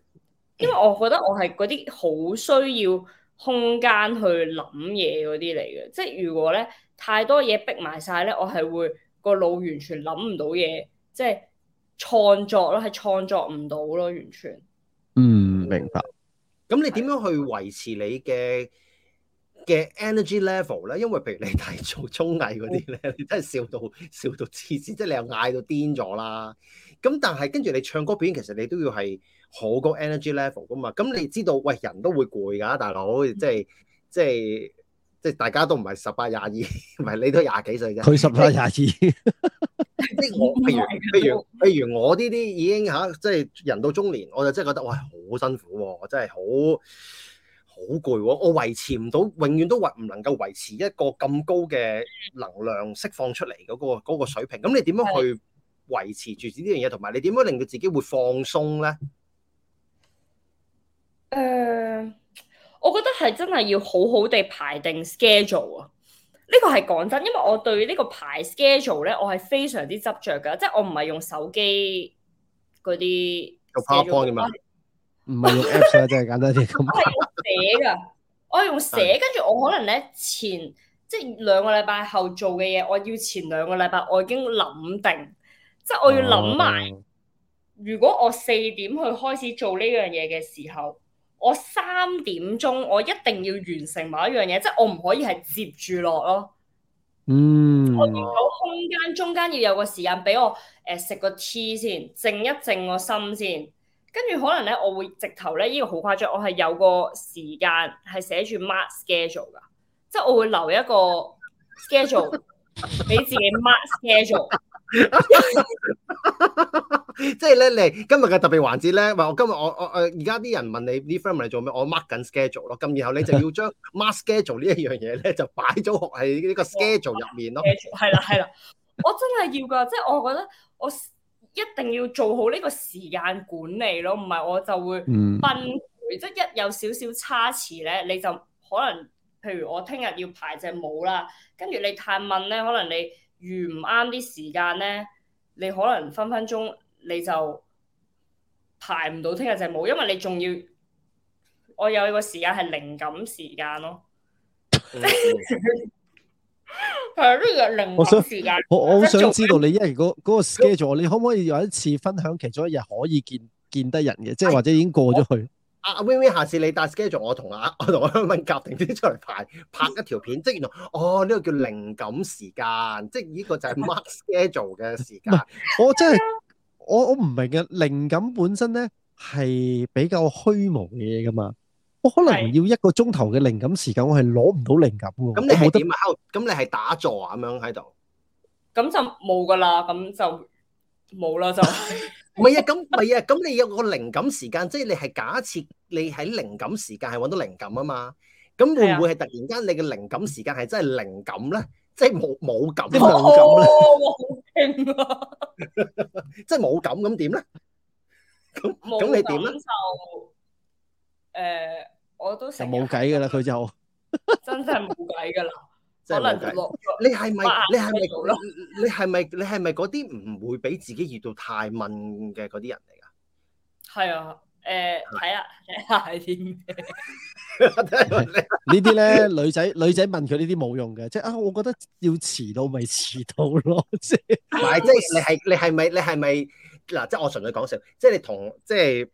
[SPEAKER 3] 因為我覺得我係嗰啲好需要空間去諗嘢嗰啲嚟嘅，即係如果咧太多嘢逼埋晒咧，我係會個腦完全諗唔到嘢，即係創作咯，係創作唔到咯，完全。
[SPEAKER 1] 嗯，明白。咁你點樣去維持你嘅？嘅 energy level 咧，因為譬如你睇做綜藝嗰啲咧，嗯、 你真係笑到笑到痴線，即係你又嗌到癲咗啦。咁但係跟住你唱歌表演，其實你都要係好高 energy level 噶嘛。咁你知道，喂，人都會攰㗎，大佬、嗯，即係即係即係大家都唔係十八廿二，唔係你都廿幾歲嘅。佢十八廿二， 即係我譬如譬如譬如我呢啲已經嚇，即係人到中年，我就真係覺得哇好辛苦喎，真係好。好攰喎，我維持唔到，永遠都維唔能夠維持一個咁高嘅能量釋放出嚟嗰個嗰個水平。咁你點樣去維持住呢樣嘢？同埋你點樣令到自己會放鬆咧？
[SPEAKER 3] 誒，我覺得係真係要好好地排定 schedule 啊！呢個係講真，因為我對呢個排 schedule 咧，我係非常之執著噶，即係我唔係用手機嗰啲。有 PowerPoint 嘛？
[SPEAKER 2] 唔係 用係簡單啲。我係用
[SPEAKER 3] 寫噶，我用寫，跟住我可能咧前即係兩個禮拜後做嘅嘢，我要前兩個禮拜我已經諗定，即係我要諗埋。哦、如果我四點去開始做呢樣嘢嘅時候，我三點鐘我一定要完成某一樣嘢，即係我唔可以係接住落咯。
[SPEAKER 4] 嗯。我要有
[SPEAKER 3] 空間，中間要有個時間俾我誒食、呃、個 tea 先，靜一靜個心先。跟住可能咧，我會直頭咧，呢個好誇張，我係有個時間係寫住 m a r k schedule 噶，即係我會留一個 schedule 俾 自己 m a r k schedule。
[SPEAKER 1] 即係咧，你今日嘅特別環節咧，唔我今日我，我而家啲人問你 f 呢份嚟做咩，我 mark 緊 schedule 咯。咁然後你就要將 m a r k schedule 呢一樣嘢咧，就擺咗喺呢個 schedule 入面咯。
[SPEAKER 3] 係啦係啦，我真係要噶，即係我覺得我。一定要做好呢個時間管理咯，唔係我就會崩潰。嗯、即係一有少少差池咧，你就可能，譬如我聽日要排隻舞啦，跟住你太問咧，可能你預唔啱啲時間咧，你可能分分鐘你就排唔到聽日隻舞，因為你仲要我有一個時間係靈感時間咯。嗯 係呢個靈感時間，我我好想知
[SPEAKER 2] 道你，因為嗰嗰個 schedule，你可唔可以有一次分享其中一日可以見見得人嘅，即係是或者已經過咗去。
[SPEAKER 1] 阿 WinWin 下次你帶 schedule，我同阿我同我香港夾定啲出嚟排拍，拍一條片， 即係原來哦呢個叫靈感時間，即係呢個就係 mark schedule 嘅時
[SPEAKER 2] 間。 唔係，我真係我我唔明嘅靈感本身咧係比較虛無嘅嘢噶嘛。我可能要一個鐘頭嘅靈感時間，我係攞唔到靈感。咁你係點啊？
[SPEAKER 1] 咁你係打坐啊？咁樣喺度，咁就冇
[SPEAKER 3] 㗎啦，咁就冇啦，就
[SPEAKER 1] 唔係啊？咁唔係啊？咁你有個靈感時間，即係你係假設你喺靈感時間係搵到靈感啊嘛？咁會唔會係突然間你嘅靈感時間係真係靈感咧？即係冇冇感啲靈感咧？哦，好勁啊！即係冇感咁點咧？咁咁你點咧？
[SPEAKER 3] 誒、呃，我都成日冇
[SPEAKER 1] 計噶啦，佢就
[SPEAKER 3] 真係冇計噶啦，
[SPEAKER 1] 可能落。
[SPEAKER 3] 你係咪？你係咪？你
[SPEAKER 1] 係咪？你係咪嗰啲唔會俾自己遇到太問嘅嗰啲人嚟噶？
[SPEAKER 3] 係 啊，誒、呃，係啊，
[SPEAKER 1] 睇下睇下 呢啲咧，
[SPEAKER 2] 女仔女仔問佢呢啲冇用嘅，即係啊，我覺得要遲到咪遲到咯， 即、就、係、是。係，即係你
[SPEAKER 1] 係你係咪你係咪嗱？即係我純粹講笑，即係你同即係。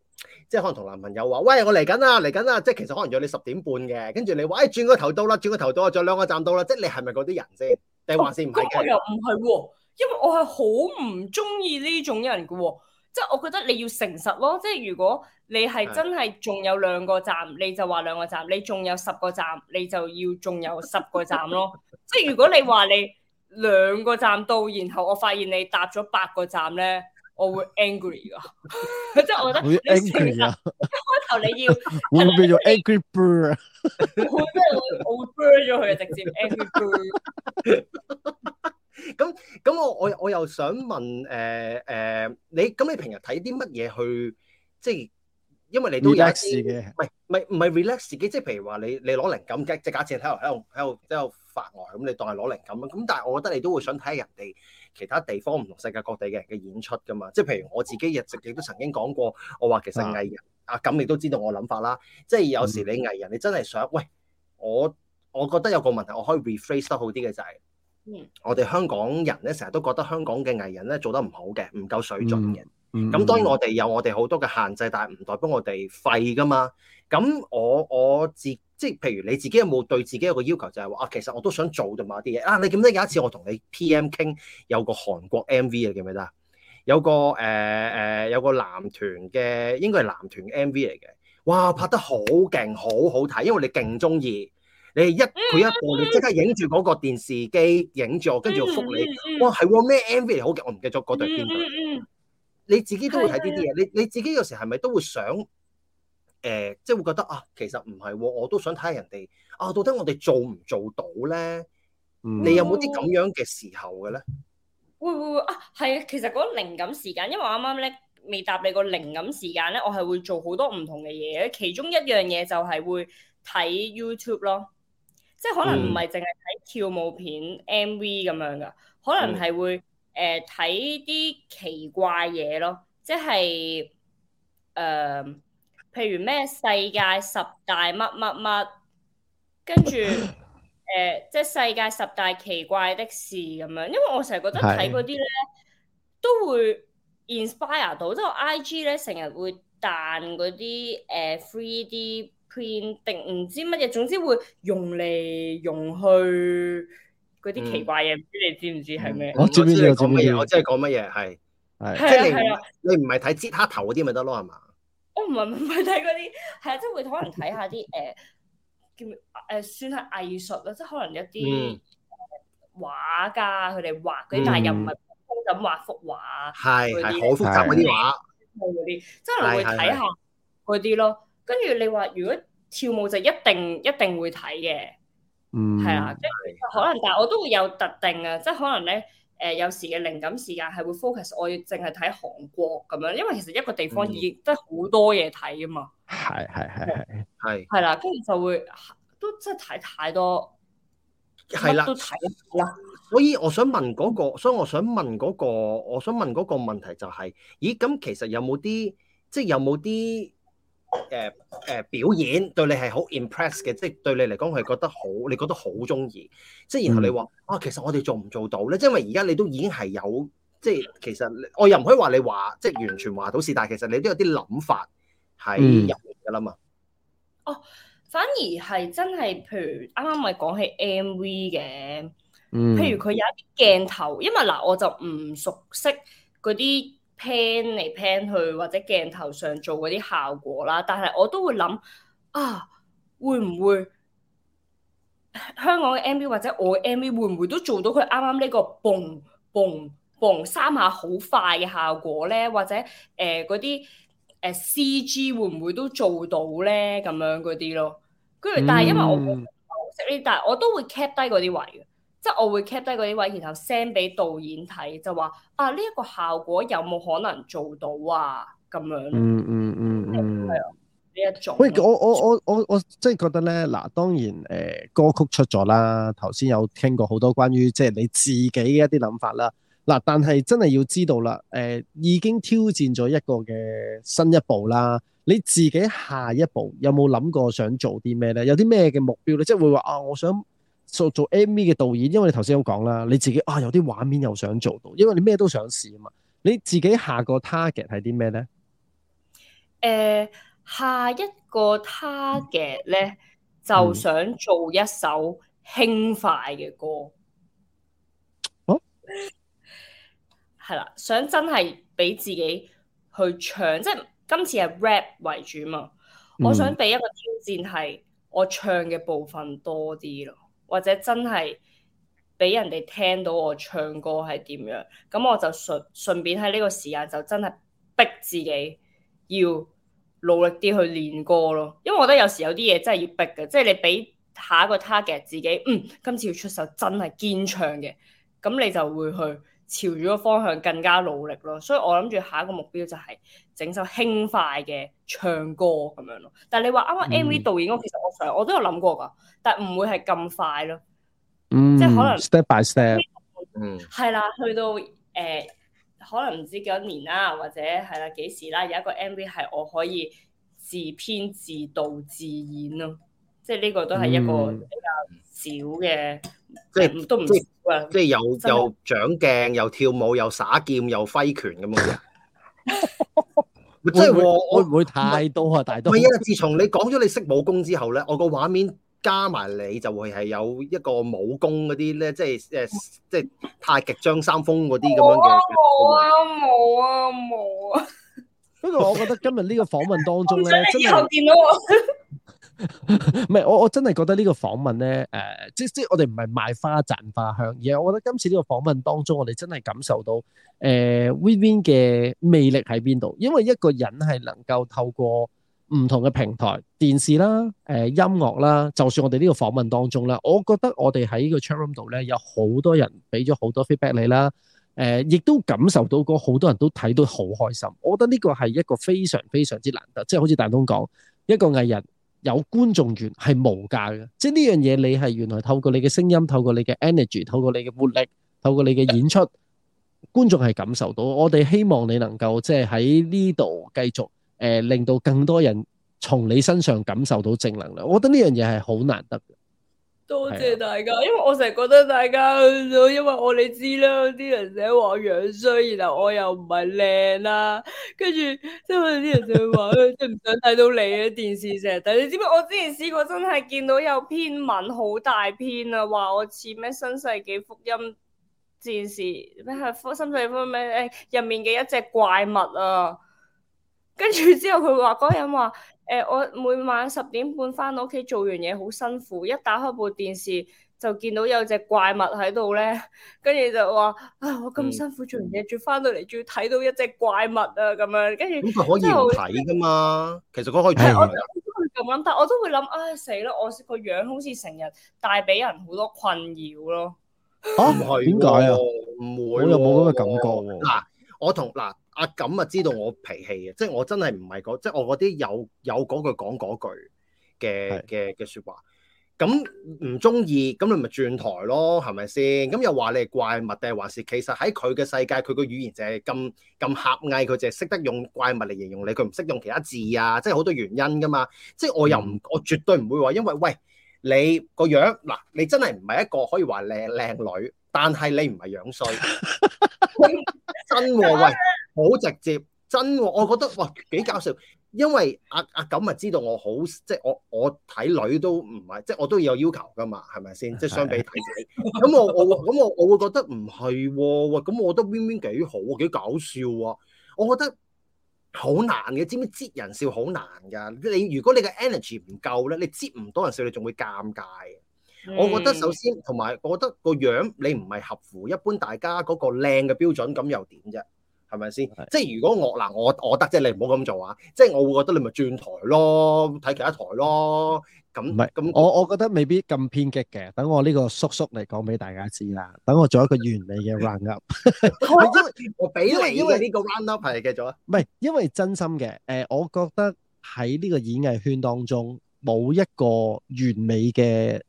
[SPEAKER 1] 即係可能同男朋友話，喂，我嚟緊啦，嚟緊啦，即係其實可能約你十點半嘅，跟住你話，誒、哎，轉個頭到啦，轉個頭到啊，再兩個站到啦，即係你係咪嗰啲人先？定還先唔？咁我、哦那個、又唔係喎，
[SPEAKER 3] 因為我係好唔中意呢種人嘅喎、哦，即係我覺得你要誠實咯，即係如果你係真係仲有兩個站，你就話兩個站，你仲有十個站，你就要仲有十個站咯。 即係如果你話你兩個站到，然後我發現你搭咗八個站咧。我會 angry 噶，即係我覺得好 angry 啊！一開頭你
[SPEAKER 2] 要，我會變咗 angry bird，我會變到 old girl 咗
[SPEAKER 3] 佢啊！直接 angry bird。咁咁我我我
[SPEAKER 1] 又想問，誒誒，你咁你平日睇啲乜嘢去，即係因為你都有一啲唔係唔係唔係 relax 自己，即係譬如話你你攞靈感嘅，即係假設喺度喺度喺度喺度發呆咁，你當係攞靈感咁。咁但係我覺得你都會想睇下人哋，其他地方唔同世界各地嘅人嘅演出噶嘛，即係譬如我自己亦、亦都曾經講過，我話其實藝人啊咁，啊你都知道我諗法啦。即係有時你藝人你真係想，喂，我我覺得有個問題我可以 rephrase 得好啲嘅就係、是、
[SPEAKER 4] 嗯，
[SPEAKER 1] 我哋香港人咧成日都覺得香港嘅藝人咧做得唔好嘅，唔夠水準嘅。咁、嗯嗯、當然我哋有我哋好多嘅限制，但係唔代表我哋廢噶嘛。咁我我自己即係譬如你自己有冇對自己有個要求，就係話啊，其實我都想做啲嘛啲嘢啊！你記唔記得有一次我同你 PM 傾有個韓國 MV 啊，記唔記得啊？有個誒誒、呃呃、有個男團嘅，應該係男團 MV 嚟嘅，哇，拍得好勁，好好睇，因為你勁中意。你一佢一部，你即刻影住嗰個電視機，影住我，跟住我覆你。哇，係喎咩 MV 嚟？好嘅，我唔記得咗嗰隊邊隊。你自己都會睇啲啲嘢，你你自己有時係咪都會想？誒、呃，即係會覺得啊，其實唔係喎，我都想睇下人哋啊，到底我哋做唔做到咧？你有冇啲咁樣嘅時候嘅咧？
[SPEAKER 3] 會會會啊，係啊，其實嗰個靈感時間，因為我啱啱咧未答你個靈感時間咧，我係會做好多唔同嘅嘢，其中一樣嘢就係會睇 YouTube 咯，即係可能唔係淨係睇跳舞片 MV 咁樣噶，嗯、可能係會誒睇啲奇怪嘢咯，即係誒。呃譬如咩世界十大乜乜乜，跟住誒，即係世界十大奇怪的事咁樣。因為我成日覺得睇嗰啲咧，都會 inspire 到。即係 IG 咧，成日會彈嗰啲誒，three D print 定唔知乜嘢，總之會用嚟用去嗰啲奇怪嘢。唔知你知唔知係咩？我知你
[SPEAKER 1] 講乜嘢？我真係講乜嘢？係係即係你，你唔係
[SPEAKER 3] 睇尖黑頭嗰啲咪得咯？係嘛對 yo.？我唔係唔係睇嗰啲，係啊，即係會可能睇下啲誒叫咩誒算係藝術咯，即係可能一啲畫家佢哋畫嗰啲，但係又唔係咁畫幅畫，係係好複雜嗰啲畫嗰啲，即係可能會睇下嗰啲咯。跟住你話如果跳舞就一定一定會睇嘅，嗯，係啊，即係可能，但係我都會有特定啊，即係可能咧。誒、呃、有時嘅靈感時間係會 focus，我淨係睇韓國咁樣，因為其實一個地方已經好多嘢睇啊嘛。
[SPEAKER 1] 係係
[SPEAKER 3] 係係係。係啦，跟住就會都真係睇太多。係啦，都睇啦。
[SPEAKER 1] 所以我想問嗰個，所以我想問嗰個，我想問嗰個問題就係，咦？咁其實有冇啲，即係有冇啲？誒誒、呃呃、表演對你係好 impress 嘅，即係對你嚟講係覺得好，你覺得好中意。即係然後你話啊，其實我哋做唔做到咧？即因為而家你都已經係有，即係其實我又唔可以話你話，即係完全話到是，但係其實你都有啲諗法喺入嚟噶啦嘛。嗯、
[SPEAKER 3] 哦，反而係真係，譬如啱啱咪講起 MV 嘅，
[SPEAKER 1] 譬如佢
[SPEAKER 3] 有一啲鏡頭，因為嗱我就唔熟悉嗰啲。Pan 嚟 Pan 去或者鏡頭上做嗰啲效果啦，但係我都會諗啊，會唔會香港嘅 MV 或者我嘅 MV 會唔會都做到佢啱啱呢個「嘣嘣嘣」三下好快嘅效果咧？或者誒嗰、呃、啲誒 CG 會唔會都做到咧？咁樣嗰啲咯，跟住、嗯、但係因為我唔識呢，但係我都會 cap 低嗰啲位嘅。即係我會 cap 低嗰啲位，然後 send 俾導演睇，就話啊，呢一個效果有冇可能做到啊？咁樣，嗯嗯嗯，係、嗯嗯、啊呢一種。
[SPEAKER 2] 喂，我我我我我即係覺得咧，嗱當然誒、呃、歌曲出咗啦，頭先有傾過好多關於即係你自己嘅一啲諗法啦。嗱，但係真係要知道啦，誒、呃、已經挑戰咗一個嘅新一步啦。你自己下一步有冇諗過想做啲咩咧？有啲咩嘅目標咧？即係會話啊，我想。做做 MV 嘅導演，因為你頭先有講啦，你自己啊有啲畫面又想做到，因為你咩都想試啊嘛。你自己下個 target 係啲咩呢？誒、
[SPEAKER 3] 呃，下一個 target 咧，嗯、就想做一首輕快嘅歌。哦、啊，係啦，想真係俾自己去唱，即係今次係 rap 為主啊嘛。嗯、我想俾一個挑戰係，我唱嘅部分多啲咯。或者真係俾人哋聽到我唱歌係點樣，咁我就順順便喺呢個時間就真係逼自己要努力啲去練歌咯。因為我覺得有時有啲嘢真係要逼嘅，即係你俾下一個 target 自己，嗯，今次要出手真係堅唱嘅，咁你就會去。朝住個方向更加努力咯，所以我諗住下一個目標就係整首輕快嘅唱歌咁樣咯。但係你話啱啱 MV 導演嗰個，其實我想我都有諗過噶，但係唔會係咁快咯，嗯、即係可能 step
[SPEAKER 4] by step，嗯，
[SPEAKER 3] 係啦，去到誒、呃、可能唔知幾多年啦，或者係啦幾時啦，有一個 MV 係我可以自編自導自演咯，即係呢個都係一個比較少嘅。嗯即係
[SPEAKER 1] 即係又又掌鏡又跳舞又耍劍又揮拳咁樣，真係 會唔會，會太多啊？太是多。唔係啊，自從你講咗你識武功之後咧，我個畫面加埋你就會係有一個武功嗰啲咧，即係誒，即係太極張三豐嗰啲咁樣嘅。
[SPEAKER 4] 冇啊，冇啊，冇啊。啊 不
[SPEAKER 2] 過我覺得今日呢個訪問當中咧，真係好癲唔係， 我我真係覺得個訪呢個訪問咧，誒、呃，即即我哋唔係賣花讚花香，而係我覺得今次呢個訪問當中，我哋真係感受到誒 WinWin 嘅魅力喺邊度。因為一個人係能夠透過唔同嘅平台，電視啦，誒、呃，音樂啦，就算我哋呢個訪問當中啦，我覺得我哋喺呢個 chatroom 度咧，有好多人俾咗好多 feedback 你啦，誒、呃，亦都感受到嗰好多人都睇到好開心。我覺得呢個係一個非常非常之難得，即、就、係、是、好似大東講，一個藝人。有觀眾緣係無價嘅，即係呢樣嘢你係原來透過你嘅聲音，透過你嘅 energy，透過你嘅活力，透過你嘅演出，Yeah. 觀眾係感受到。我哋希望你能夠即係喺呢度繼續誒、呃、令到更多人從你身上感受到正能量。我覺得呢樣嘢係好難得嘅。
[SPEAKER 3] 多謝大家，因為我成日覺得大家，因為我哋知啦，啲人成日話我樣衰，然後我又唔係靚啦，跟住，即係啲人就會話咧，即係唔想睇到你嘅電視成日睇，但你知唔知？我之前試過真係見到有篇文好大篇啊，話我似咩《新世紀福音戰士》咩科新世紀咩入面嘅一隻怪物啊，跟住之後佢話嗰人話。誒、呃、我每晚十點半翻到屋企做完嘢好辛苦，一打開部電視就見到有隻怪物喺度咧，跟住就話啊、哎、我咁辛苦做完嘢，仲要翻到嚟，仲要睇到一隻怪物啊咁樣，跟住咁佢可
[SPEAKER 1] 以睇㗎嘛？樣其實佢可以。係，我都會
[SPEAKER 3] 咁諗，但我都會諗，唉死啦！我個樣好似成日帶俾人好多困擾咯。
[SPEAKER 1] 嚇？點解啊？唔、 啊、會、啊？有冇咁嘅感覺喎。嗱、啊，我同嗱。啊阿咁啊，知道我脾氣嘅，即係我真係唔係嗰，即係我嗰啲有有嗰句講嗰句嘅嘅嘅説話。咁唔中意，咁你咪轉台咯，係咪先？咁又話你係怪物，定係還是，是其實喺佢嘅世界，佢個語言就係咁咁狹隘，佢淨係識得用怪物嚟形容你，佢唔識用其他字啊，即係好多原因噶嘛。即係我又唔，我絕對唔會話，因為喂你個樣嗱，你真係唔係一個可以話靚靚女，但係你唔係樣衰， 真喎、啊、喂！好直接真、哦，我覺得哇幾搞笑，因為阿阿錦咪知道我好即係我我睇女都唔係即係我都有要求㗎嘛，係咪先？即係相比大姐咁，我我咁我我會覺得唔係喎，咁我覺得 Win Win 幾好幾搞笑喎、啊，我覺得好難嘅，知唔知接人笑好難㗎？你如果你嘅 energy 唔夠咧，你接唔到人笑，你仲會尷尬。嗯、
[SPEAKER 4] 我覺得首
[SPEAKER 1] 先同埋，我覺得個樣你唔係合乎一般大家嗰個靚嘅標準，咁又點啫？係咪先？即係如果我嗱我我得啫，你唔好咁做啊！即係我會覺得你咪轉台咯，睇其他台咯。咁咁我
[SPEAKER 2] 我覺得未必咁偏激嘅。等我呢個叔叔嚟講俾大家知啦。等我做一個完美嘅 round up。係因
[SPEAKER 1] 為我俾你，因為呢個 round up 係繼續啊。唔
[SPEAKER 2] 係因為真心嘅，誒，我覺得喺呢個演藝圈當中，冇一個完美嘅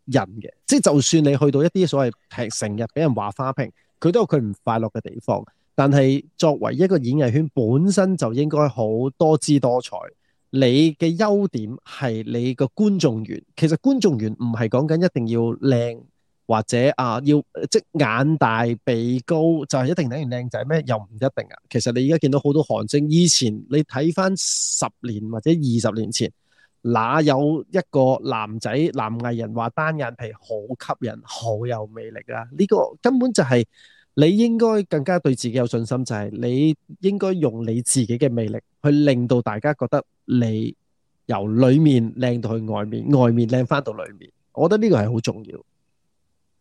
[SPEAKER 2] 人嘅。即係就算你去到一啲所謂成日俾人話花瓶，佢都有佢唔快樂嘅地方。但係作為一個演藝圈，本身就應該好多姿多彩。你嘅優點係你個觀眾緣。其實觀眾緣唔係講緊一定要靚或者啊，要即眼大鼻高，就係、是、一定等於靚仔咩？又唔一定啊。其實你而家見到好多韓星，以前你睇返十年或者二十年前，哪有一個男仔男藝人話單眼皮好吸引、好有魅力啦、啊？呢、這個根本就係、是。你應該更加對自己有信心，就係、是、你應該用你自己嘅魅力去令到大家覺得你由裏面靚到去外面，外面靚翻到裏面。我覺得呢個係好重要。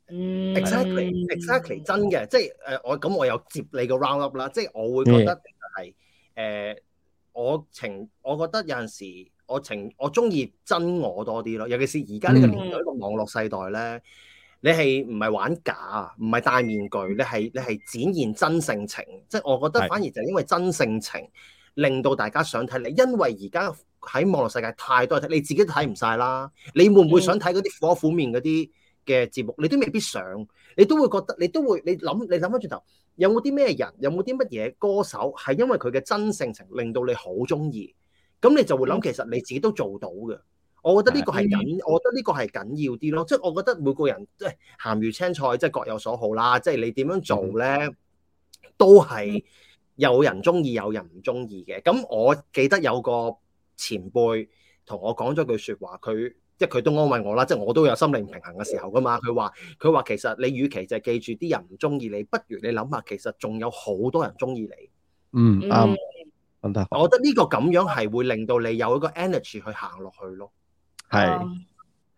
[SPEAKER 1] 嗯，exactly，exactly，的 exactly 真嘅，即係誒，我、呃、咁我又接你個 round up 啦，即係我會覺得就係、是、誒、呃，我情，我覺得有陣時我情，我中意真我多啲咯，尤其是而家呢個年代，一個網絡世代咧。嗯你係唔係玩假啊？唔係戴面具，你係你係展現真性情。即係我覺得反而就係因為真性情，令到大家想睇你。因為而家喺網絡世界太多睇，你自己都睇唔晒啦。你會唔會想睇嗰啲負面嗰啲嘅節目？你都未必想，你都會覺得你都會你諗你諗返轉頭，有冇啲咩人，有冇啲乜嘢歌手係因為佢嘅真性情，令到你好中意？咁你就會諗，其實你自己都做到嘅。我覺得呢個係緊，我覺得呢個係緊要啲咯。即係我覺得每個人即係鹹魚青菜，即係各有所好啦。即係你點樣做咧，都係有人中意，有人唔中意嘅。咁我記得有個前輩同我講咗句説話，佢即係佢都安慰我啦。即係我都有心理唔平衡嘅時候噶嘛。佢話佢話其實你與其就係記住啲人唔中意你，不如你諗下其實仲有好多人中意你。嗯，啱、嗯，問得好。我覺得呢個咁樣係會令到你有一個 energy 去行落去咯。
[SPEAKER 2] 係，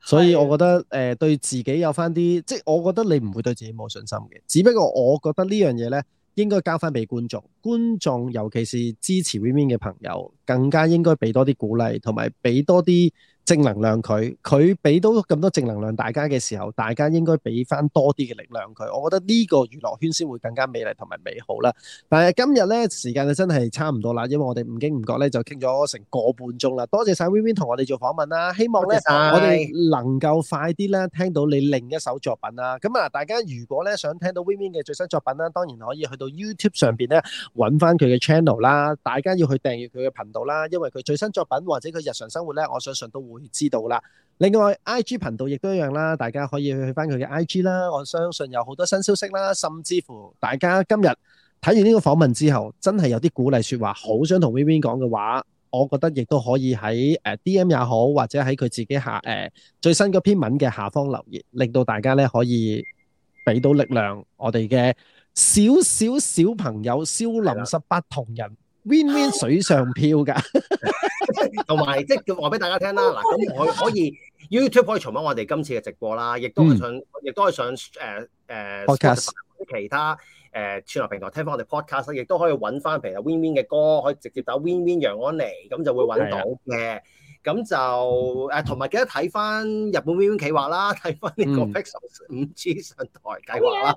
[SPEAKER 2] 所以我覺得誒、呃，對自己有翻啲，即係我覺得你唔會對自己冇信心嘅。只不過我覺得呢樣嘢呢，應該交翻俾觀眾，觀眾尤其是支持 WinWin 嘅朋友，更加應該俾多啲鼓勵，同埋俾多啲。正能量佢，佢俾到咁多正能量大家嘅時候，大家應該俾翻多啲嘅力量佢。我覺得呢個娛樂圈先會更加美麗同埋美好啦。但係今日咧時間就真係差唔多啦，因為我哋唔經唔覺咧就傾咗成個半鐘啦。多謝曬 WinWin 同我哋做訪問啦，希望咧我哋能夠快啲咧聽到你另一首作品啦。咁啊，大家如果咧想聽到 WinWin 嘅最新作品啦，當然可以去到 YouTube 上邊咧揾翻佢嘅 channel 啦。大家要去訂閱佢嘅頻道啦，因為佢最新作品或者佢日常生活咧，我相信都會。知道啦。另外，I G 頻道亦都一樣啦，大家可以去翻佢嘅 I G 啦。我相信有好多新消息啦，甚至乎大家今日睇完呢個訪問之後，真係有啲鼓勵説話，好想同 WinWin 講嘅話，我覺得亦都可以喺誒 D M 也好，或者喺佢自己下誒、呃、最新嗰篇文嘅下方留言，令到大家呢可以俾到力量我哋嘅小小小朋友少林十八銅人。Win Win 水上漂㗎，
[SPEAKER 1] 同埋即係話俾大家聽啦。嗱，咁我可以，可以 YouTube 可以重返我哋今次嘅直播啦，亦都可以上，亦都、嗯、可以上誒誒、呃呃、Podcast 其他誒串流平台聽翻我哋 Podcast 亦都可以揾翻譬如 Win Win 嘅歌，可以直接打 Win Win 楊安妮，咁就會揾到嘅。咁就誒，同埋記得睇翻日本微軟企劃啦，睇翻呢個 Pixel 5G 上台計劃啦，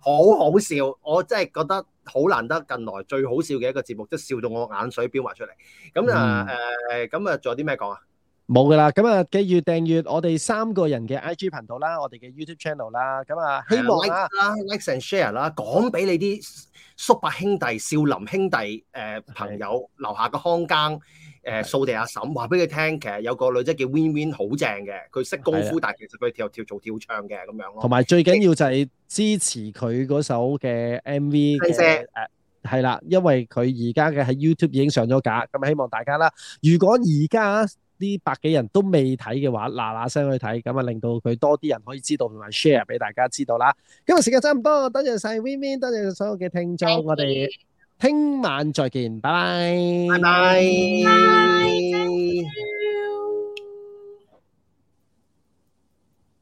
[SPEAKER 1] 好好笑！我真係覺得好難得近來最好笑嘅一個節目，即係笑到我眼水飆埋出嚟。咁啊誒，咁啊仲有啲咩講啊？
[SPEAKER 2] 冇嘅啦。咁啊記得訂閱，我哋三個人嘅
[SPEAKER 1] IG 頻道啦，我哋嘅 YouTube channel 啦，咁啊希望啦 likes and share 啦，講俾你啲叔伯兄弟、少林兄弟誒朋友留下個康羹。誒掃、呃、地阿嬸話俾佢聽，其實有個女仔叫 Win Win 好正嘅，佢識功夫，的但係其實佢跳跳做跳，跳唱嘅咁樣咯。同埋最
[SPEAKER 2] 緊要就係支持佢嗰首嘅 MV 嘅誒，係啦聲、呃，因為佢而家嘅喺 YouTube 已經上咗架，咁希望大家啦，如果而家啲百幾人都未睇嘅話，嗱嗱聲去睇，咁啊令到佢多啲人可以知道同埋 share 俾大家知道啦。今日時間差唔多，多謝晒 Win Win，多謝所有嘅聽眾，我哋。聽晚再見，拜拜，拜拜。